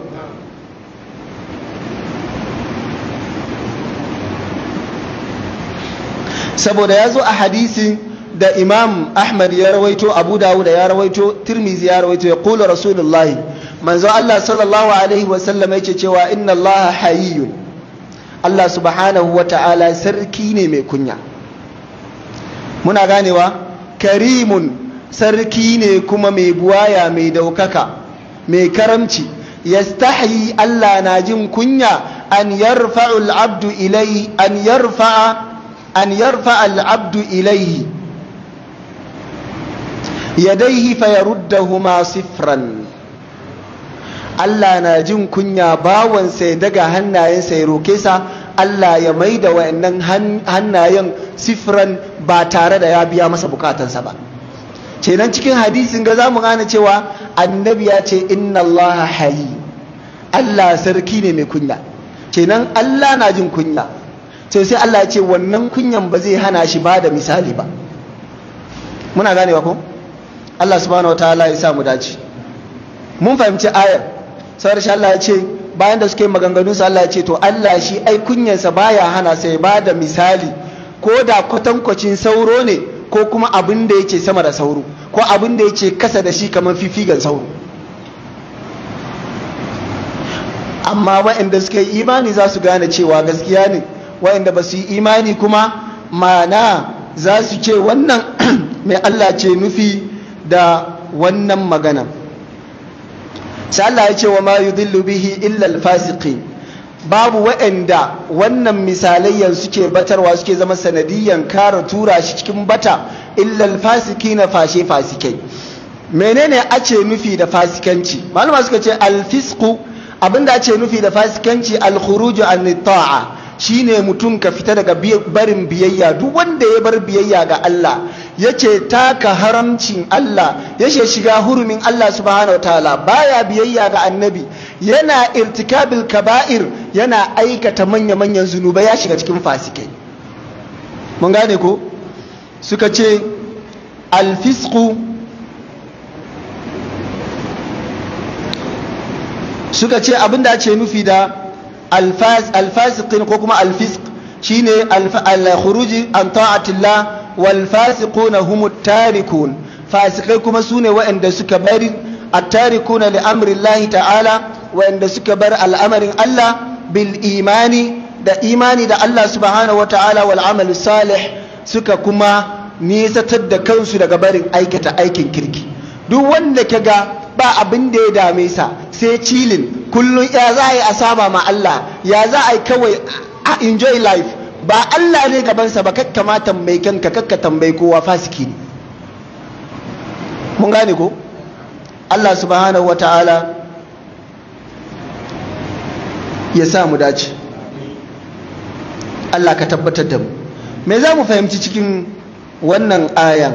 saboda ya zo a hadisi da imam ahmad ya rawaito abu dawuda ya rawaito tirmizi ya rawaito ya kula rasulullahi manzo allah sallallahu alaihi wasallam ya ce cewa inna allah hayyun allah subhanahu wa ta'ala sarki ne mai kunya muna ganewa karimun sarki ne kuma mai buwaya mai daukaka mai karamci yastahi Allah na jin kunya an yarfa al'abdu ilaihi an yarfa an yarfa al'abdu ilaihi yadaihi sifran Allah na jin kunya bawan sai daga hannayen sai roke sa Allah ya mai da wa'annan hannayen sifran ba tare da ya biya masa bukatansa ba kenan cikin hadisin ga za mu gane cewa annabi ya ce inna allaha hayi allah sarki ne mai kunya kenan allah na jin kunya to sai allah ya ce wannan kunyan ba zai hana shi ba da misali ba muna ganewa ko allah subhanahu wa ta'ala ya mu dace mun fahimci ayar sai shi allah ya ce bayan da suke maganganun allah ya ce to allah shi ai kunyansa baya hana sai ba da misali ko da kwatankwacin sauro ne ko kuma abin da yake sama da sauro ko abin da yake kasa da shi kamar fifigan sauro amma waɗanda suka yi imani za su gane cewa gaskiya ne waɗanda ba su yi imani kuma mana za su ce wannan mai Allah ce nufi da wannan magana sai Allah ya ce wa ma yudillu bihi illal fasiki. babu waɗanda wannan misalayyan suke batarwa suke zama sanadiyyan kara tura shi cikin bata illal fasiki na fashe fasikai menene a ce nufi da fasikanci malama suka ce alfisku abinda ce nufi da fasikanci alkhuruju an ta'a shine mutum ka fita daga barin biyayya duk wanda ya bar biyayya ga Allah yace taka haramcin Allah yace shiga hurumin Allah subhanahu wataala baya biyayya ga annabi yana irtikabil kaba'ir yana aikata manya-manyan zunuba ya shiga cikin fasikai mun gane ko suka ce alfisku suka ce abinda ce nufi da alfasikin ko kuma alfisk shine alhuruji an wa wal na humu tarikun fasikai kuma su ne waɗanda suka bari a tarikuna li amri ta'ala waɗanda suka bar al'amarin Allah bil imani da imani da Allah subhanahu wata'ala wal amal salih suka kuma nisatar da kansu daga barin aikata aikin kirki duk wanda ka ga ba abin da ya dame sa sai cilin kullum ya za a yi asaba ma Allah ya za a yi kawai a enjoy life ba Allah ne gabansa ba kakka ma tambayi kanka kakka tambayi kowa fasiki ne mun gane ko Allah subhanahu wata'ala ya sa mu dace Allah ka tabbatar da mu me za mu fahimci cikin wannan ayan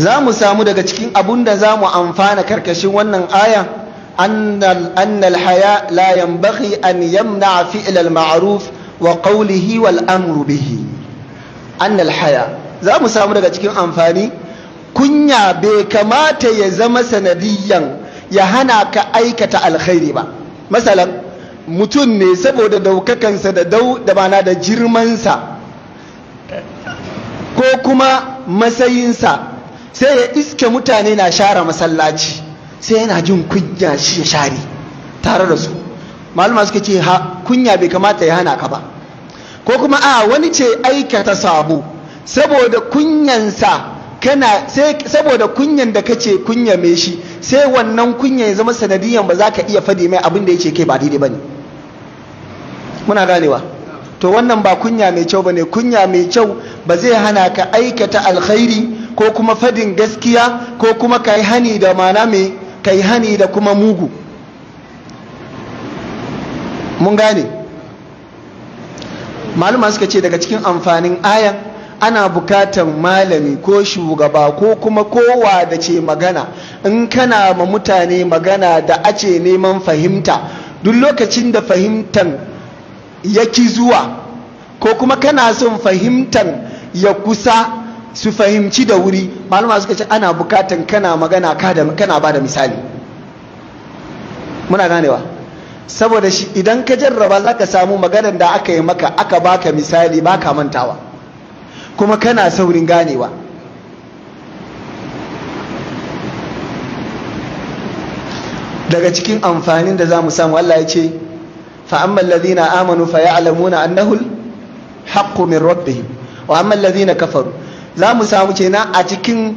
za mu samu daga cikin abun da za mu amfana karkashin wannan ayan أن الحياء لا ينبغي أن يمنع wa qawlihi wal amru bihi أن haya. za mu samu daga cikin amfani kunya bai kamata ya zama sanadiyan ya hana ka aikata alkhairi ba masalan mutum ne saboda daukakansa da dau da bana da girmansa ko kuma matsayinsa sai ya iske mutane na share masallaci sai yana jin kunya shi ya share tare da su malama suka ce ha, kunya bai kamata ya hana ka ba ko kuma a wani ce aikata sabo saboda kunyansa kana sai saboda kunyan da kace kunya me shi sai wannan kunya ya zama sanadiyan ba za ka iya fadi mai abin da yake kai ba daidai bane muna ganewa to wannan ba kunya mai kyau bane kunya mai kyau ba zai hana ka aikata alkhairi ko kuma fadin gaskiya ko kuma kai hani da mana mai kai hani da kuma mugu mun gane malama suka ce daga cikin amfanin ayan ana bukatan malami ko shugaba ko kuma kowa da ce magana in kana ma mutane magana da ace neman fahimta duk lokacin da fahimtan ya ki zuwa ko kuma kana son fahimtan ya kusa su fahimci da wuri malama suka ce ana bukatan kana magana kana ba da misali muna ganewa saboda shi idan ka jarraba za ka samu maganar da aka yi maka aka baka misali baka mantawa kuma kana saurin ganewa daga cikin amfanin da za mu samu Allah ya ce fa'amman ladina amanu fa ya'lamuna annahul haqqu min rabbihim wa amman lazina kafaru za mu samu kenan a cikin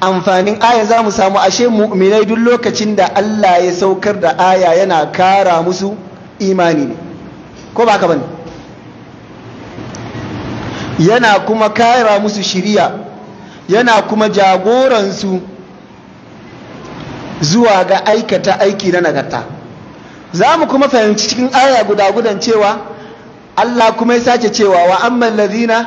amfanin aya za mu samu ashe mu'minai duk lokacin da Allah ya saukar da aya yana kara musu imani ne ko ba ka bane yana kuma kara musu shiriya yana kuma jagoransu zuwa ga aikata aiki na nagarta za mu kuma fahimci cikin aya guda gudan cewa Allah kuma ya sace cewa wa amman ladina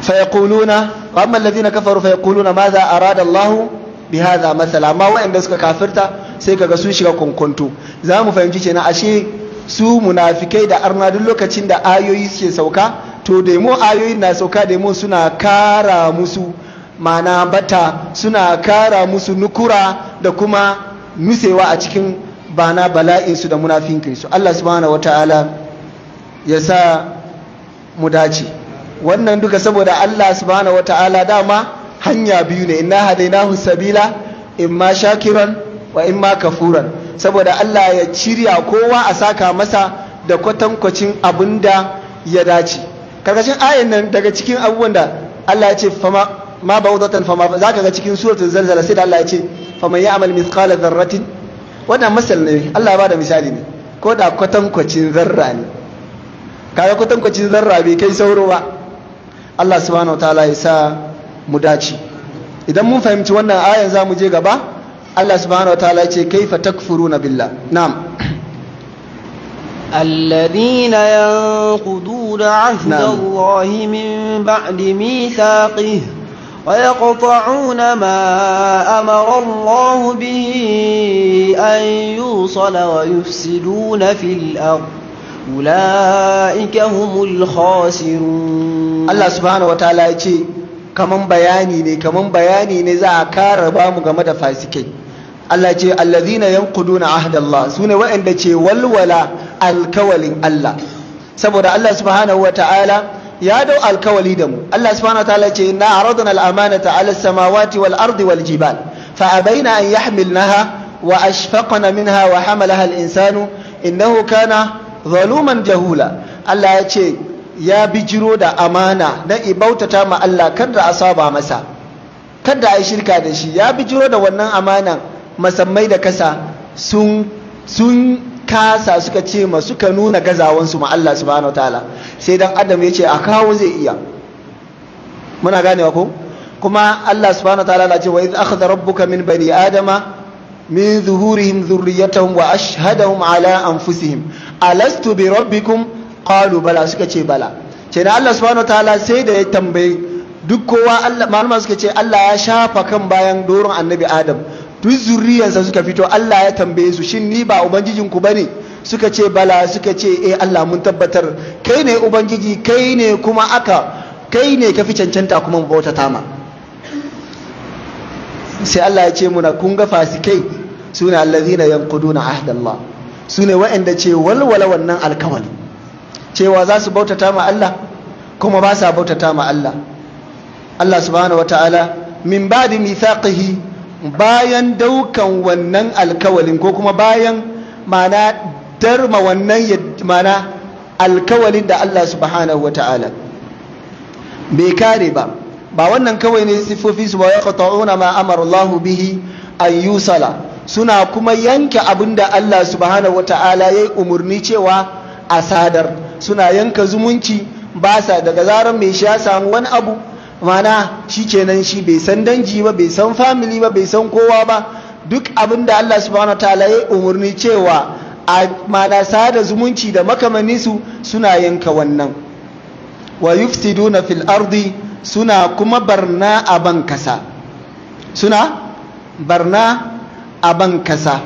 fayakuluna wa amman ladina kafaru za a rada allahu bi hadha masala ma wa'anda suka kafirta sai ga sun shiga kunkuntu za mu fahimci kenan ashe su munafikai da arna duk lokacin da ayoyi suke sauka to daimon ayoyin na sauka mu suna kara musu mana bata suna kara musu nukura da kuma nusewa a cikin bana bala'insu da munafinkinsu allah subhanahu wata'ala ya sa mu dace wannan duka saboda allah subhanahu wata'ala dama hanya biyu ne inna hadainahu sabila imma shakiran wa imma kafuran saboda allah ya cirya kowa a saka masa da kwatankwacin abinda ya dace karkashin ayan nan daga cikin abubuwan da Allah ya ce fama ma ba'udatan fama za ka ga cikin suratul zalzala sai da Allah ya ce faman ya'mal mithqala dharratin wannan masal ne Allah ya bada misali ne ko da kwatankwacin zarra ne kaga kwatankwacin zarra bai kai sauro ba Allah subhanahu wataala ya sa mu dace idan mun fahimci wannan ayan za mu je gaba Allah subhanahu wataala ya ce kaifa takfuruna billah na'am الذين ينقضون عهد نعم. الله من بعد ميثاقه ويقطعون ما أمر الله به أن يوصل ويفسدون في الأرض أولئك هم الخاسرون الله سبحانه وتعالى يقول kaman بياني ني kaman بياني ني زا كار kara غمد فاسكي الله يقول الذين ينقضون عهد الله سنة وإن sune waɗanda alkawalin Allah saboda Allah subhanahu ta'ala ya dau alkawali da mu Allah subhanahu wata'ala ce inna aradna al-amanata 'ala samawati wal ardi wal jibal fa abaina an yahmilnaha wa ashfaqna minha wa hamalaha al-insanu innahu kana zaluman jahula Allah ya ce ya bijiro da amana na ibautata ma Allah kada a saba masa kada a yi shirka da shi ya bijiro da wannan amanan masammai da kasa sun sun kasa suka ce ma suka nuna gazawansu ma Allah subhanahu ta'ala sai dan adam ya ce a kawo zai iya muna ganewa ko kuma Allah subhanahu ta'ala na ce wa idh akhadha rabbuka min bani adama min zuhurihim dhurriyyatahum wa ashhadahum ala anfusihim alastu bi rabbikum qalu bala suka ce bala ce na Allah subhanahu ta'ala sai da ya tambaye duk kowa Allah malama suka ce Allah ya shafa kan bayan doron annabi Adam duk zuriyarsa suka fito Allah ya tambaye su shin ni ba ubangijinku bane suka ce bala suka ce eh Allah mun tabbatar kai ne ubangiji kai ne kuma aka kai ne ka fi cancanta kuma mu bauta tama sai Allah ya ce muna kun ga fasikai sune allazina yanquduna ahdallah sune waɗanda ce walwala wannan alkawal. cewa za su bauta tama Allah kuma ba sa bauta tama Allah Allah subhanahu wataala min ba'di mithaqihi bayan daukan wannan alkawalin ko kuma bayan mana darma wannan mana alkawalin da Allah subhanahu wata'ala bai kare ba ba wannan kawai ne sifofi su ya qata'una ma amara Allah bihi an yusala suna kuma yanke abin da Allah subhanahu wata'ala yayi umarni cewa a sadar suna yanka zumunci ba sa daga zarar mai shi ya samu wani abu mana shi kenan shi bai san danji ba bai san family ba bai san kowa ba duk abin da Allah subhanahu ta'ala ya umarni cewa a mana da zumunci da su suna yanka wannan wa yufsiduna fil ardi suna kuma barna a ban suna barna a ban kasa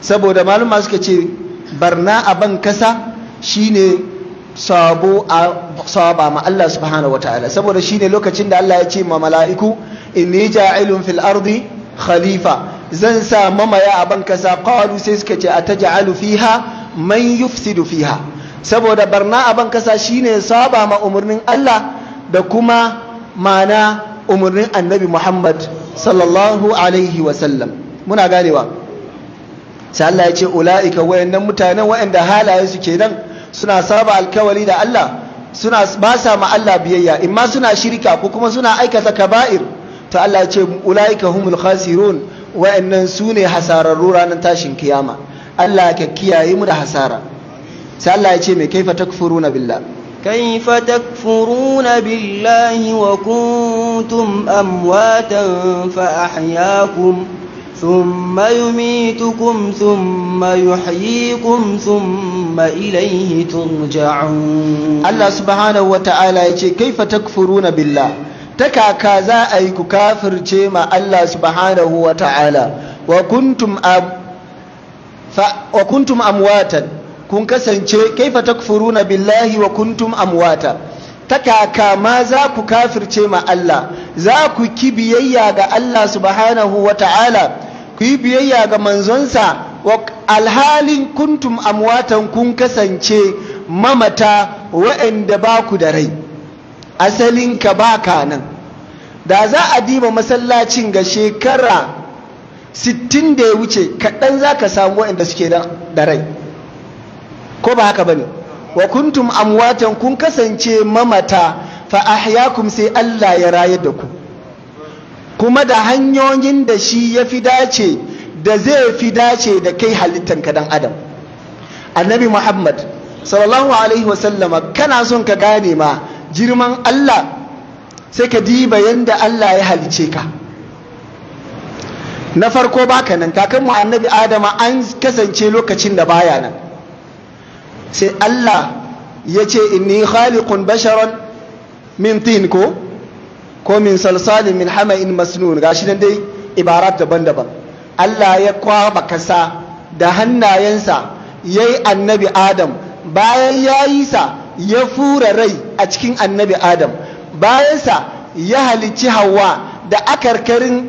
saboda malama suka ce barna a ban kasa shine sabo a saba ma Allah subhanahu wataala saboda shine lokacin da Allah ya ce ma mala'iku inni ja'ilun fil ardi khalifa zan sa mamaya a ban kasa qalu sai suka ce a ataj'alu fiha man yufsidu fiha saboda barna a ban kasa shine saba ma umurnin Allah da kuma mana umurnin annabi Muhammad sallallahu alaihi wa sallam muna ganewa sai Allah ya ce ula'ika wayannan mutanen wayanda halaye su kenan suna saba alkawali da Allah suna ba sa ma Allah biyayya in ma suna shirka ko kuma suna aikata kaba'ir to Allah ya ce ulaika humul khasirun wa'annan su ne hasararru ranar tashin kiyama Allah ka kiyaye mu da hasara sai Allah ya ce mai kaifa takfuruna billah billahi wa kuntum amwatan fa فأحياكم ثم يميتكم ثم يحييكم ثم إليه ترجعون الله سبحانه وتعالى يقول كيف تكفرون بالله تكا كازا أي كافر جيما الله سبحانه وتعالى وكنتم أب ف... وكنتم أمواتا kun kasance kaifa takfuruna billahi wa kuntum amwata ta kaka ma za ku kafirce ma Allah za ku ki biyayya ga Allah subhanahu wa ta'ala ku yi biyayya ga manzonsa alhalin kuntum amwatan kun kasance mamata wa'anda ba ku da rai asalin ka ba ka nan da za a diba masallacin ga shekara 60 da ya wuce kaɗan za ka samu wa'anda suke da rai ko ba haka ba ne wa kuntum amwatan kun kasance mamata fa ahyakum sai Allah ya rayar da ku kuma da hanyoyin da shi ya fi dace da zai fi dace da kai halittar ka adam annabi muhammad sallallahu alaihi wasallama kana son ka gane ma Jirman allah sai ka diba yadda allah ya halice ka na farko baka nan kakanmu annabi adama an kasance lokacin da baya nan sai allah ya ce inni khaliqun basharan min tin ko ko min salsalin min hama'in masnun gashi nan dai ibarat daban-daban Allah ya kwaba kasa da hannayensa ya yi annabi adam bayan ya yi sa ya fura rai a cikin annabi adam bayansa ya halicci hawa da akarkarin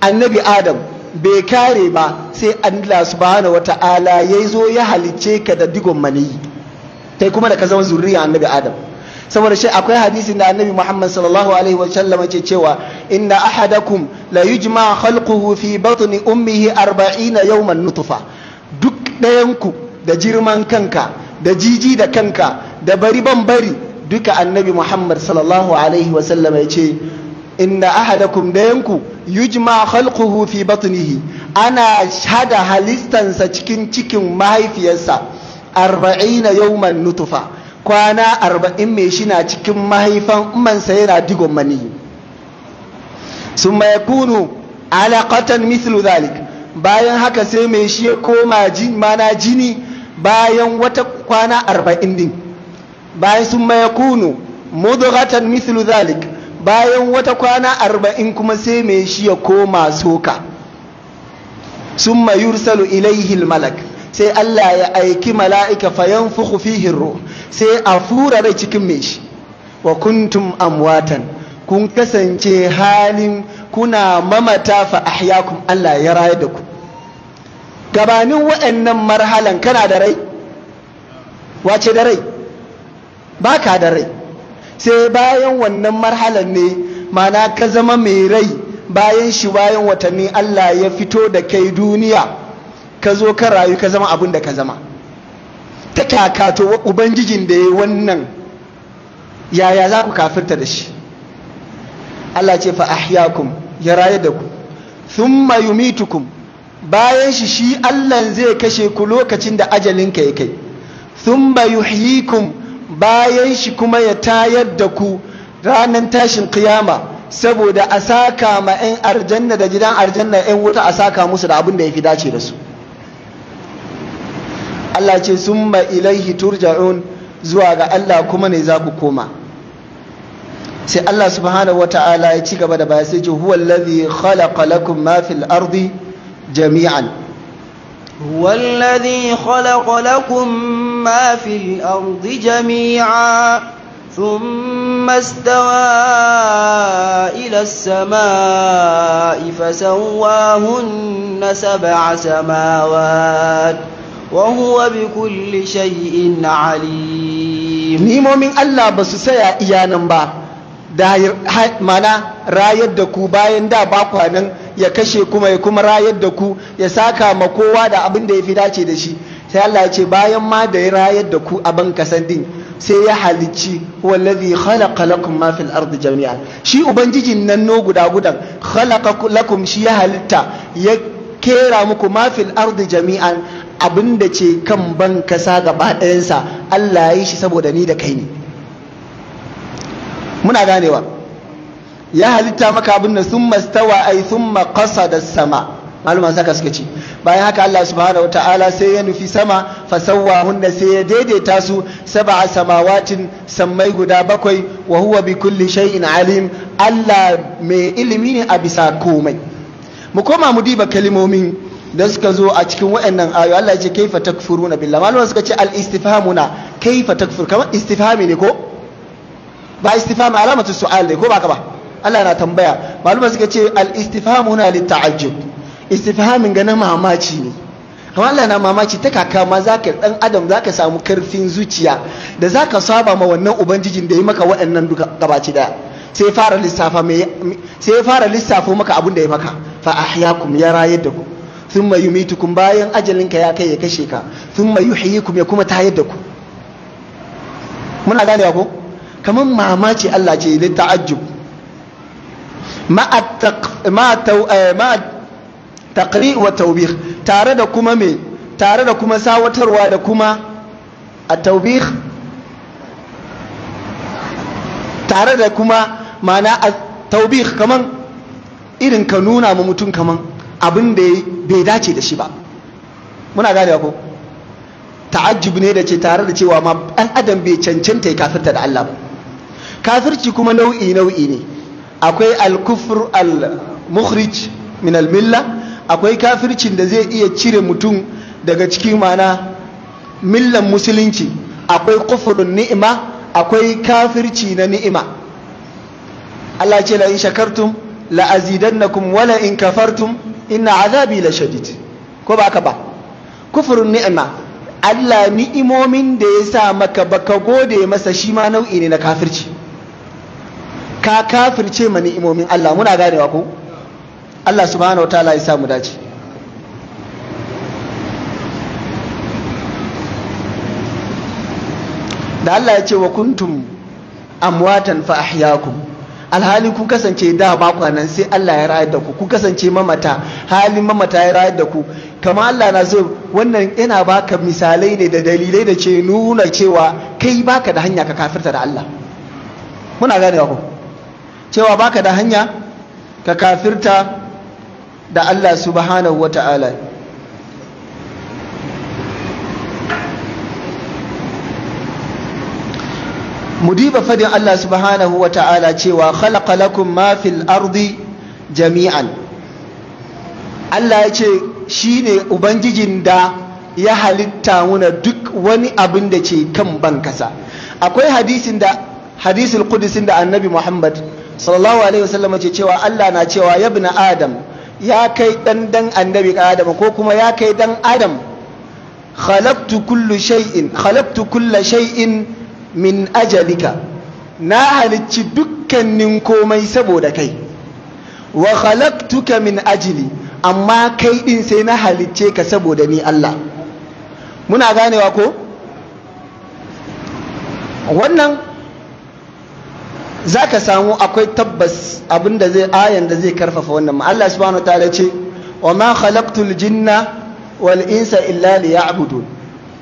annabi adam bai kare ba sai Allah subhanahu wata'ala ya zo ya halicce ka da digon maniyi kai kuma da ka zama zuriya annabi adam saboda shi akwai hadisi da annabi Muhammad sallallahu alaihi wa sallam yake cewa inna ahadakum la yujma khalquhu fi batni ummihi 40 yawman nutfa duk ɗayanku da jirman kanka da jiji da kanka da bari ban bari duka annabi Muhammad sallallahu alaihi wa sallam yace inna ahadakum ku yujma khalquhu fi batnihi ana hada halistansa cikin cikin mahaifiyarsa arba'ina yawman nutufa kwana arba'in mai shi na cikin mahaifan mansa yana digon mani sun mai kunu alaƙatan mislu zalik bayan haka sai mai shi ya koma mana jini bayan wata kwana arba'in din bayan sun mai kunu mudugatan mislu zalik bayan wata kwana arba'in kuma sai mai shi ya koma soka sun mayursalu ilaihi malak sai Allah ya aiki mala'ika fayan fuhu fihin ruh sai a fura rai cikin mai shi wa kuntum amwatan kun kasance halin kuna mamata fa ahyakum Allah ya raye da ku gabanin wa'annan marhalan kana da rai wace da rai ba ka da rai sai bayan wannan marhalan ne mana ka zama mai rai bayan shi bayan watanni Allah ya fito da kai duniya ka zo ka rayu ka zama abin da ka zama ta kakato wa ubangijin da ya yi wannan yaya za ku kafirta da shi Allah ce fa ahyakum ya raye da ku thumma yumitukum bayan shi shi Allah zai kashe ku lokacin da ajalin ka ya kai thumma yuhyikum bayan shi kuma ya tayar da ku ranar tashin kiyama saboda a saka ma 'yan arjanna da gidan arjanna 'yan wuta a saka musu da abin da ya fi dace da su Allah ce summa ilaihi turja'un zuwa ga Allah kuma ne za ku koma sai Allah subhanahu wata'ala ya ci gaba da baya sai ce huwal ladhi khalaqa lakum ma fil ardi jami'an huwal ladhi khalaqa lakum ma fil ardi جميعا ثم استوى إلى السماء فسواهن سبع سماوات وهو بكل شيء عليم نيمومين الله بس سيا إيانا ba. da mana rayar da ku bayan da ba kwanan ya kashe kuma ya kuma rayar da ku ya saka ma kowa da abin da ya fi dace da shi sai Allah ya ce bayan ma da ya rayar da ku abin kasan din sai ya halicci wallazi khalaqa lakum ma fil ardi jami'a shi ubangijin nan no guda gudan khalaqa lakum shi ya halitta ya kera muku ma fil ardi jami'an abin da ce kan ban kasa gaba ɗayansa Allah ya yi shi saboda ni da kai ne muna ganewa ya halitta maka abin da sun mastawa ai sun makasa da sama maluma saka suka ce bayan haka Allah subhanahu ta'ala sai ya nufi sama fasawa hunna sai ya daidaita su sab'a samawacin sammai guda bakwai wa huwa bi kulli shay'in alim Allah mai ilimi ne a bisa komai mu koma mu diba kalimomin da suka zo a cikin waɗannan ayoyi Allah ya ce kaifa takfuruna billah malama suka ce al istifhamuna kaifa takfur kamar istifhami ne ko ba istifhami alamatu su'al ne ko ba ka ba Allah yana tambaya malama suka ce al istifhamuna lit ta'ajjub istifhamin ga na mamaci ne kamar Allah na mamaci ta kaka ma zaka dan adam zaka samu karfin zuciya da zaka saba ma wannan ubangijin da ya maka waɗannan duka gabaci daya sai fara lissafa sai fara lissafo maka abin da ya maka fa ahyakum ya rayar da ku thumma yumitukum bayan ajalinka ya kai ya kashe ka thumma yuhyikum ya kuma tayar da ku muna ganewa ko kamar mamaci Allah ce da ta'ajjub eh, ma taqri wa tawbih tare da kuma me tare da kuma sawatarwa da kuma at-tawbih tare da kuma ma'ana at-tawbih kaman irin ka nuna ma mutum kaman abin da bai dace da shi ba muna gane ko ta'ajjub ne da ce tare da cewa ma ɗan adam bai cancanta ya kafirta da Allah ba kafirci kuma nau'i nau'i ne akwai al-kufr al-mukhrij min al-milla akwai kafircin da zai iya cire mutum daga cikin mana millan musulunci akwai kufurun ni'ima akwai kafirci na ni'ima Allah ce la in shakartum la azidannakum wala in kafartum inna azabi la shadid ko ba ka ba kufurin ni'ima Allah ni'imomin da ya sa maka ka gode masa shi ma nau'i ne na kafirci ka kafirce ma ni'imomin Allah muna ganewa ko Allah subhanahu wataala ya sa mu dace da Allah ya ce wa kuntum amwatan fa ahyakum alhali ku kasance da ba kwanan sai Allah ya rayar da ku ku kasance mamata halin mamata ya rayar da ku Kamar Allah na zo wannan yana baka misalai ne da dalilai da ce nuna cewa kai baka da hanya ka kafirta da Allah muna gane ku cewa baka da hanya ka kafirta da Allah subhanahu wata'ala mudiba fadin Allah subhanahu wa ta'ala cewa khalaqa lakum ma fil ardi jami'an Allah ya ce shine ubangijin da ya halitta muna duk wani abin da ke kan bankasa. akwai hadisin da hadisul qudusin da annabi Muhammad sallallahu alaihi wasallam ce cewa Allah na cewa ya ibn adam ya kai dan dan annabi adam ko kuma ya kai dan adam khalaqtu kullu shay'in khalaqtu kullu shay'in min ajalika na halicci dukkanin komai saboda kai wa khalaqtuka min ajili amma kai din sai na halicce ka saboda ni Allah muna ganewa ko wannan za ka samu akwai tabbas abinda zai ayan da zai karfafa wannan ma Allah subhanahu wa ta'ala ce wa ma khalaqtul jinna wal insa illa liya'budun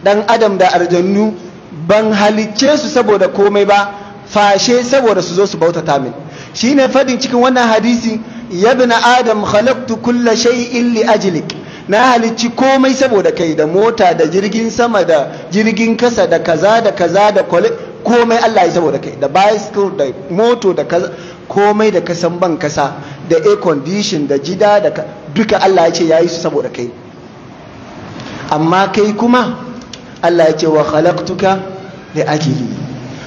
dan adam da arjannu ban halicce su saboda komai ba fashe saboda su zo su bautata min shine fadin cikin wannan hadisi ya bi na adam khalaqtu kulla shay'in li ajlik na halicci komai saboda kai da mota da jirgin sama da jirgin kasa da kaza da kaza da komai Allah ya saboda kai da bicycle da moto da kaza komai da kasan ban kasa da air condition da jida da duka Allah ya ce yayi su saboda kai amma kai kuma Allah ya ce wa khalaqtuka da ajili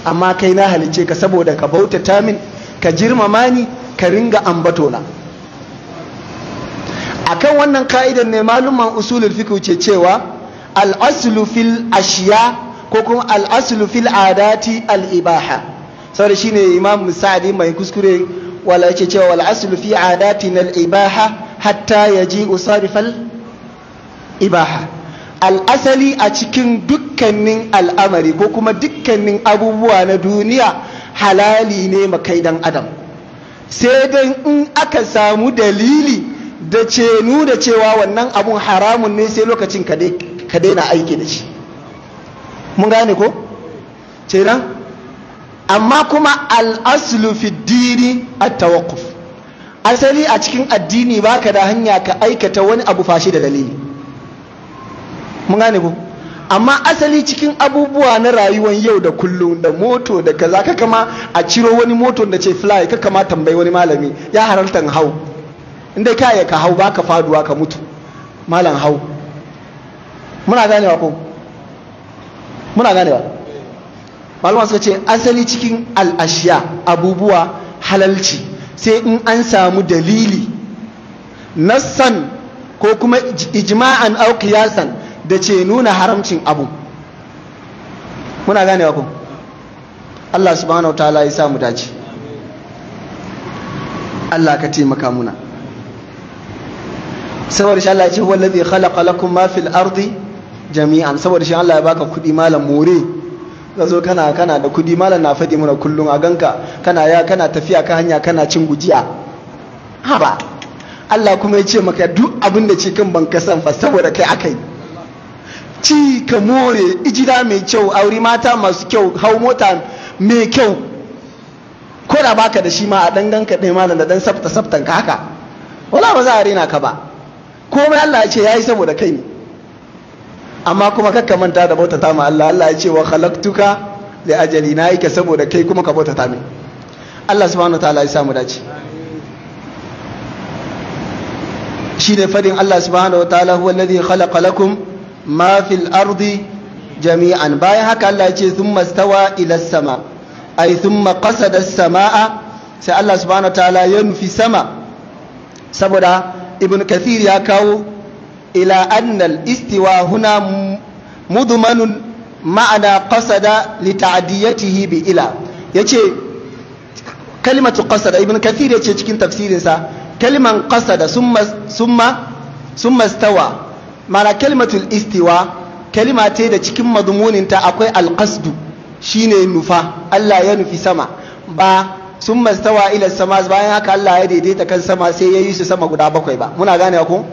amma kai na halice ka saboda ka bautata min ka girmama ni ka ringa ambatona akan wannan ka'idar ne maluman usulul fiqh ce cewa al-aslu fil ashiya ko kuma al-aslu fil adati al-ibaha saboda shine imam sa'di mai kuskure wala ce cewa wal aslu fi adatina al-ibaha hatta yaji usarifal ibaha al'asali a cikin dukkanin al'amari ko kuma dukkanin abubuwa na duniya halali ne makai dan adam sai dai in aka samu dalili da ce nuna cewa wannan abun haramun ne sai lokacin ka daina aiki da shi mun gane ko ce nan amma kuma al'aslu fi diri at tawakuf asali a cikin addini baka da hanya ka aikata wani abu fashi da dalili mun gane ko amma asali cikin abubuwa na rayuwar yau da kullum da moto da kaza ka kama a ciro wani moto da ce fly ka kama tambayi wani malami ya n hau inda ka ya ka hau baka faduwa ka mutu malam hau muna ganewa ko muna ganewa malama suka ce asali cikin al'ashiya abubuwa halalci sai in an samu dalili nassan ko kuma ijma'an au qiyasan da ce nuna haramcin abu muna ganewa ku Allah subhanahu wa ta'ala ya sa mu dace Allah ka taimaka muna saboda shi Allah ya ce huwa allazi khalaqa lakum ma fil ardi jami'an saboda shi Allah ya baka kudi malam more ka zo kana kana da kudi malam na faɗi mana kullum a ganka kana ya kana tafiya ka hanya kana cin gujiya haba Allah kuma ya ce maka duk abin da ce kan ban san fa saboda kai akai ci ka more ijira mai kyau auri mata masu kyau hau mota mai kyau ko da baka da shi ma a dan ganka dai malam da dan sabta sabtan ka haka wala ba za a rena ka ba komai Allah ya ce yayi saboda kai ne amma kuma kakka manta da bautata ma Allah Allah ya ce wa khalaqtuka li ajali na yi ka saboda kai kuma ka bautata mai Allah subhanahu wataala ya samu dace shi ne fadin Allah subhanahu wataala huwa alladhi khalaqa lakum ma fil ardi jami'an bayan haka Allah ya ce sun mastawa ila sama ay thumma da samaa sai Allah subhanahu wa ta'ala ya nufi sama saboda ibn kathir ya kawo ila annal istiwa huna mudmanun ma'ana qasada li ta'diyatihi bi ila yace kalimatu qasada ibn kathir yace cikin tafsirinsa kaliman qasada summa summa summa stawa mana kalimatul istiwa kalima ce da cikin mazmuninta akwai alqasdu shine nufa Allah ya nufi sama ba sun mastawa ila sama bayan haka Allah ya daidaita kan sama sai ya yi su sama guda bakwai ba muna ganewa ko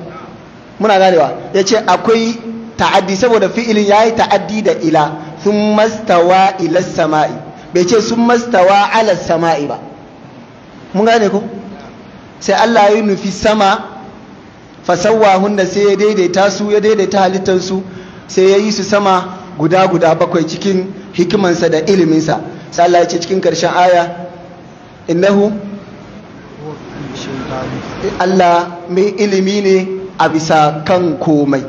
muna ganewa ya ce akwai ta'addi saboda fi'ilin ya yi ta'addi da ila sun mastawa ila sama'i bai ce sun mastawa ala sama'i ba mun gane ko sai Allah ya nufi sama fasawahunna sai ya daidaita su ya daidaita halittarsu sai ya yi su sama guda guda bakwai cikin hikimansa da iliminsa sai Allah ya ce cikin karshen aya innahu Allah mai ilimi ne a bisa kan komai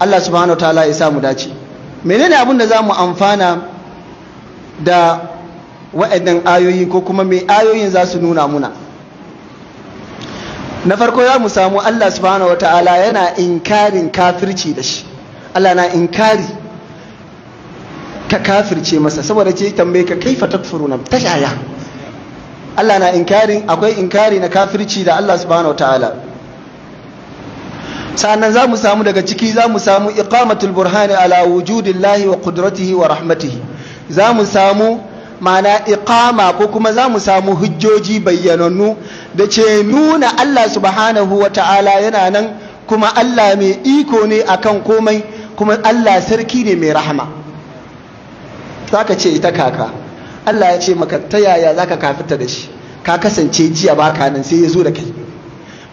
Allah subhanahu ta'ala ya samu dace menene abin da za mu amfana da wa'annan ayoyi ko kuma mai ayoyin za su nuna muna na farko za mu samu Allah subhanahu ta'ala yana inkarin kafirci da shi Allah na inkari ka kafirce masa saboda ce tambaye ka kaifa na ta shaya Allah na inkarin akwai inkari na kafirci da Allah subhanahu ta'ala sannan za mu samu daga ciki za mu samu iqamatul burhani ala wujudillahi wa qudratihi wa rahmatihi za mu samu ma'ana iqama ko kuma za mu samu hujjoji bayyanannu da ce nuna Allah subhanahu wa ta'ala yana nan kuma Allah mai iko ne akan komai kuma Allah sarki ne mai rahama Za ka ce ita kaka Allah ya ce maka ta yaya ka kafita da shi ka kasance jiya baka nan sai ya zo da kai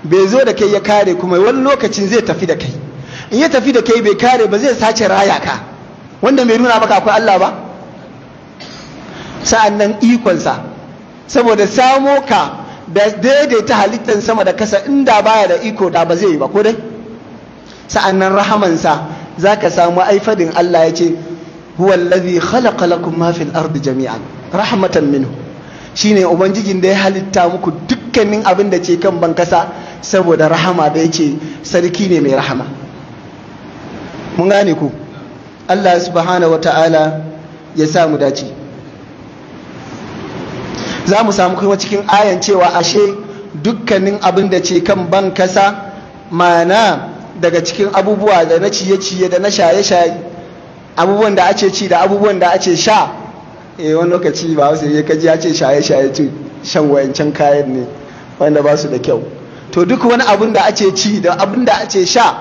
bai zo da kai ya kare kuma wani lokacin zai tafi da kai in ya tafi da kai bai kare ba zai sace raya ka wanda mai nuna maka akwai Allah ba Sa'annan nan ikonsa saboda samo ka da daidaita halittar sama da kasa inda baya da iko da ba zai yi ba ko dai sa'an nan rahamansa za ka samu aifadin Allah ya ce huwallazi khalaqa lakum ma fil ardi jami'an rahmatan minhu shine ubangijin da ya halitta muku dukkanin abin da ce kan kasa saboda rahama da yake sarki ne mai rahama mun gane ku Allah subhanahu ta'ala ya samu dace za mu samu kuma cikin ayan cewa ashe dukkanin abin da ce kan ban kasa mana daga cikin abubuwa da na ciye-ciye da na shaye-shaye abubuwan da ake ci da abubuwan da ake sha eh wani lokaci ba wasu ya kaji ya ce shaye-shaye to shan wayancan kayan ne wanda ba su da kyau to duk wani abin da ake ci da abin da ake sha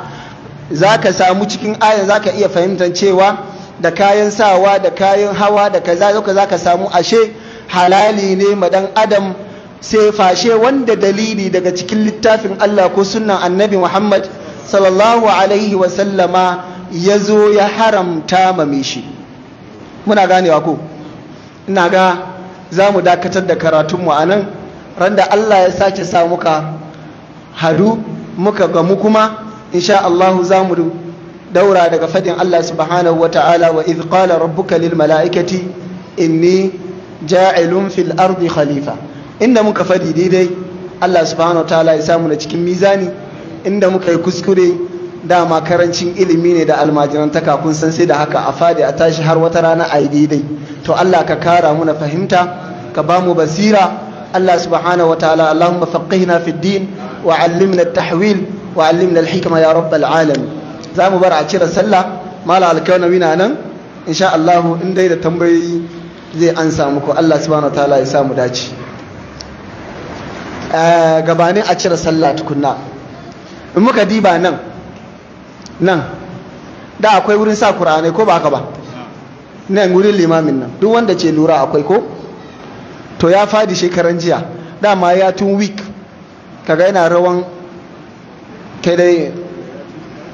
za ka samu cikin ayan za ka iya fahimtar cewa da kayan sawa da kayan hawa da kaza ka za ka samu ashe halali ne ma dan adam sai fashe wanda dalili daga cikin littafin Allah ko sunnan annabi Muhammad sallallahu alaihi wasallama ya zo ya haramta mame shi muna ganewa ko ina ga za mu dakatar da karatunmu a nan randa Allah ya sace sa muka hadu muka ga mu kuma insha Allah za mu daura daga fadin Allah subhanahu wa ta'ala wa idh qala rabbuka lil mala'ikati inni ja'ilun fil ardi khalifa inda muka fadi daidai Allah subhanahu ta'ala ya samu na cikin mizani inda muka yi kuskure dama karancin ilimi ne da almajirantaka kun san sai da haka a fadi a tashi har wata rana a yi daidai to Allah ka kara muna fahimta ka ba mu basira Allah subhanahu wa ta'ala Allahumma faqihna fid din wa 'allimna at-tahwil wa 'allimna al-hikma ya rabbal alamin zamu bar a cire sallah mala alkawna wina nan insha Allah in dai da tambayoyi zai an samu ko Allah subhanahu ta'ala ya samu dace eh, gabanin a cire sallah tukunna in muka diba nan nan da akwai wurin sa kur'anai ko ba haka ba nan wurin limamin nan duk wanda ce lura akwai ko to ya fadi shekaran jiya dama ya tun week kaga yana rawan kai dai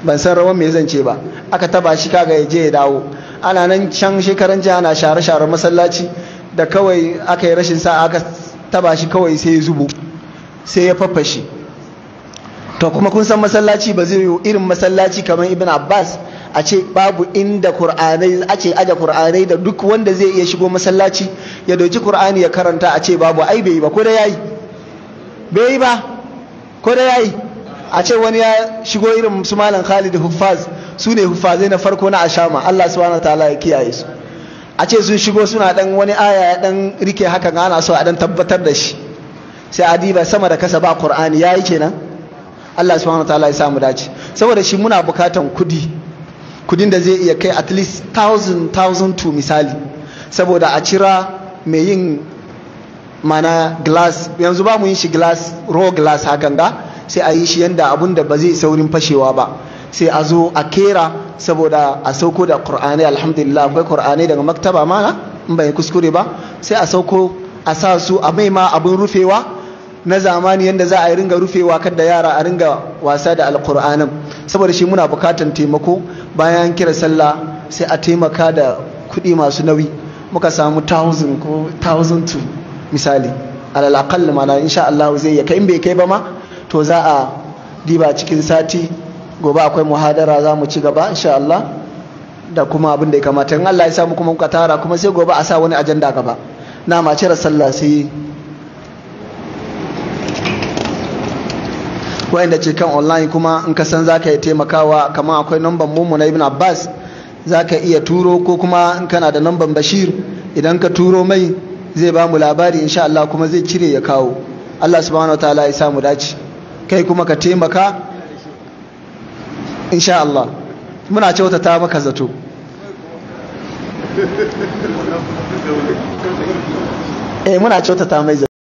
ban san rawan me zan ce ba aka taba shi kaga ya je ya dawo ana nan can shekaran jiya ana share-share masallaci da kawai aka yi rashin sa aka taba shi kawai sai ya zubo sai ya faffashe to kuma kun san masallaci ba zai yi irin masallaci kamar ibn abbas a ce babu inda kur'anai a ce aje Kur'anai da duk wanda zai iya shigo masallaci ya doki Kur'ani ya karanta a ce babu ai bai ba ko da yayi bai ba ko da yayi a ce wani ya shigo irin su malam khalid huffaz su ne hufazai na farko na ashama Allah subhanahu ta'ala ya kiyaye su a ce sun shigo suna dan wani aya ya dan rike haka ana so a dan tabbatar da shi sai adiba sama da kasa ba qur'ani yayi kenan Allah subhanahu ta'ala ya samu dace saboda shi muna bukatan kudi kudin da zai iya kai at least thousand thousand to misali saboda a cira mai yin mana glass yanzu ba mu yin shi glass raw glass hakan ga sai a yi shi yanda abun da ba zai saurin fashewa ba sai a zo a kera saboda a sauko da kur'anai alhamdulillah akwai kur'anai daga maktaba ma in bai kuskure ba sai a sauko a sa su a mai ma abin rufewa na zamani yadda za a yi ringa rufewa kada yara a ringa wasa da alqur'anin saboda shi muna bukatan taimako bayan kira sallah sai a taimaka da kuɗi masu nauyi muka samu 1000 ko misali alal aqall mana insha Allah zai ya kai in bai kai ba ma to za a diba cikin sati gobe akwai muhadara za mu ci gaba insha Allah da kuma abin da ya kamata in Allah ya samu kuma muka tara kuma sai gobe a sa wani ajanda gaba na ma cire sallah sai wayanda ce kan online kuma in ka san zaka yi taimakawa kamar akwai namban mu na Ibn Abbas zaka iya turo ko kuma in kana da namban Bashir idan ka turo mai zai ba mu labari insha Allah kuma zai cire ya kawo Allah subhanahu wataala ya samu dace kai kuma ka taimaka insha Allah muna kyautata maka zato eh muna kyautata mai zato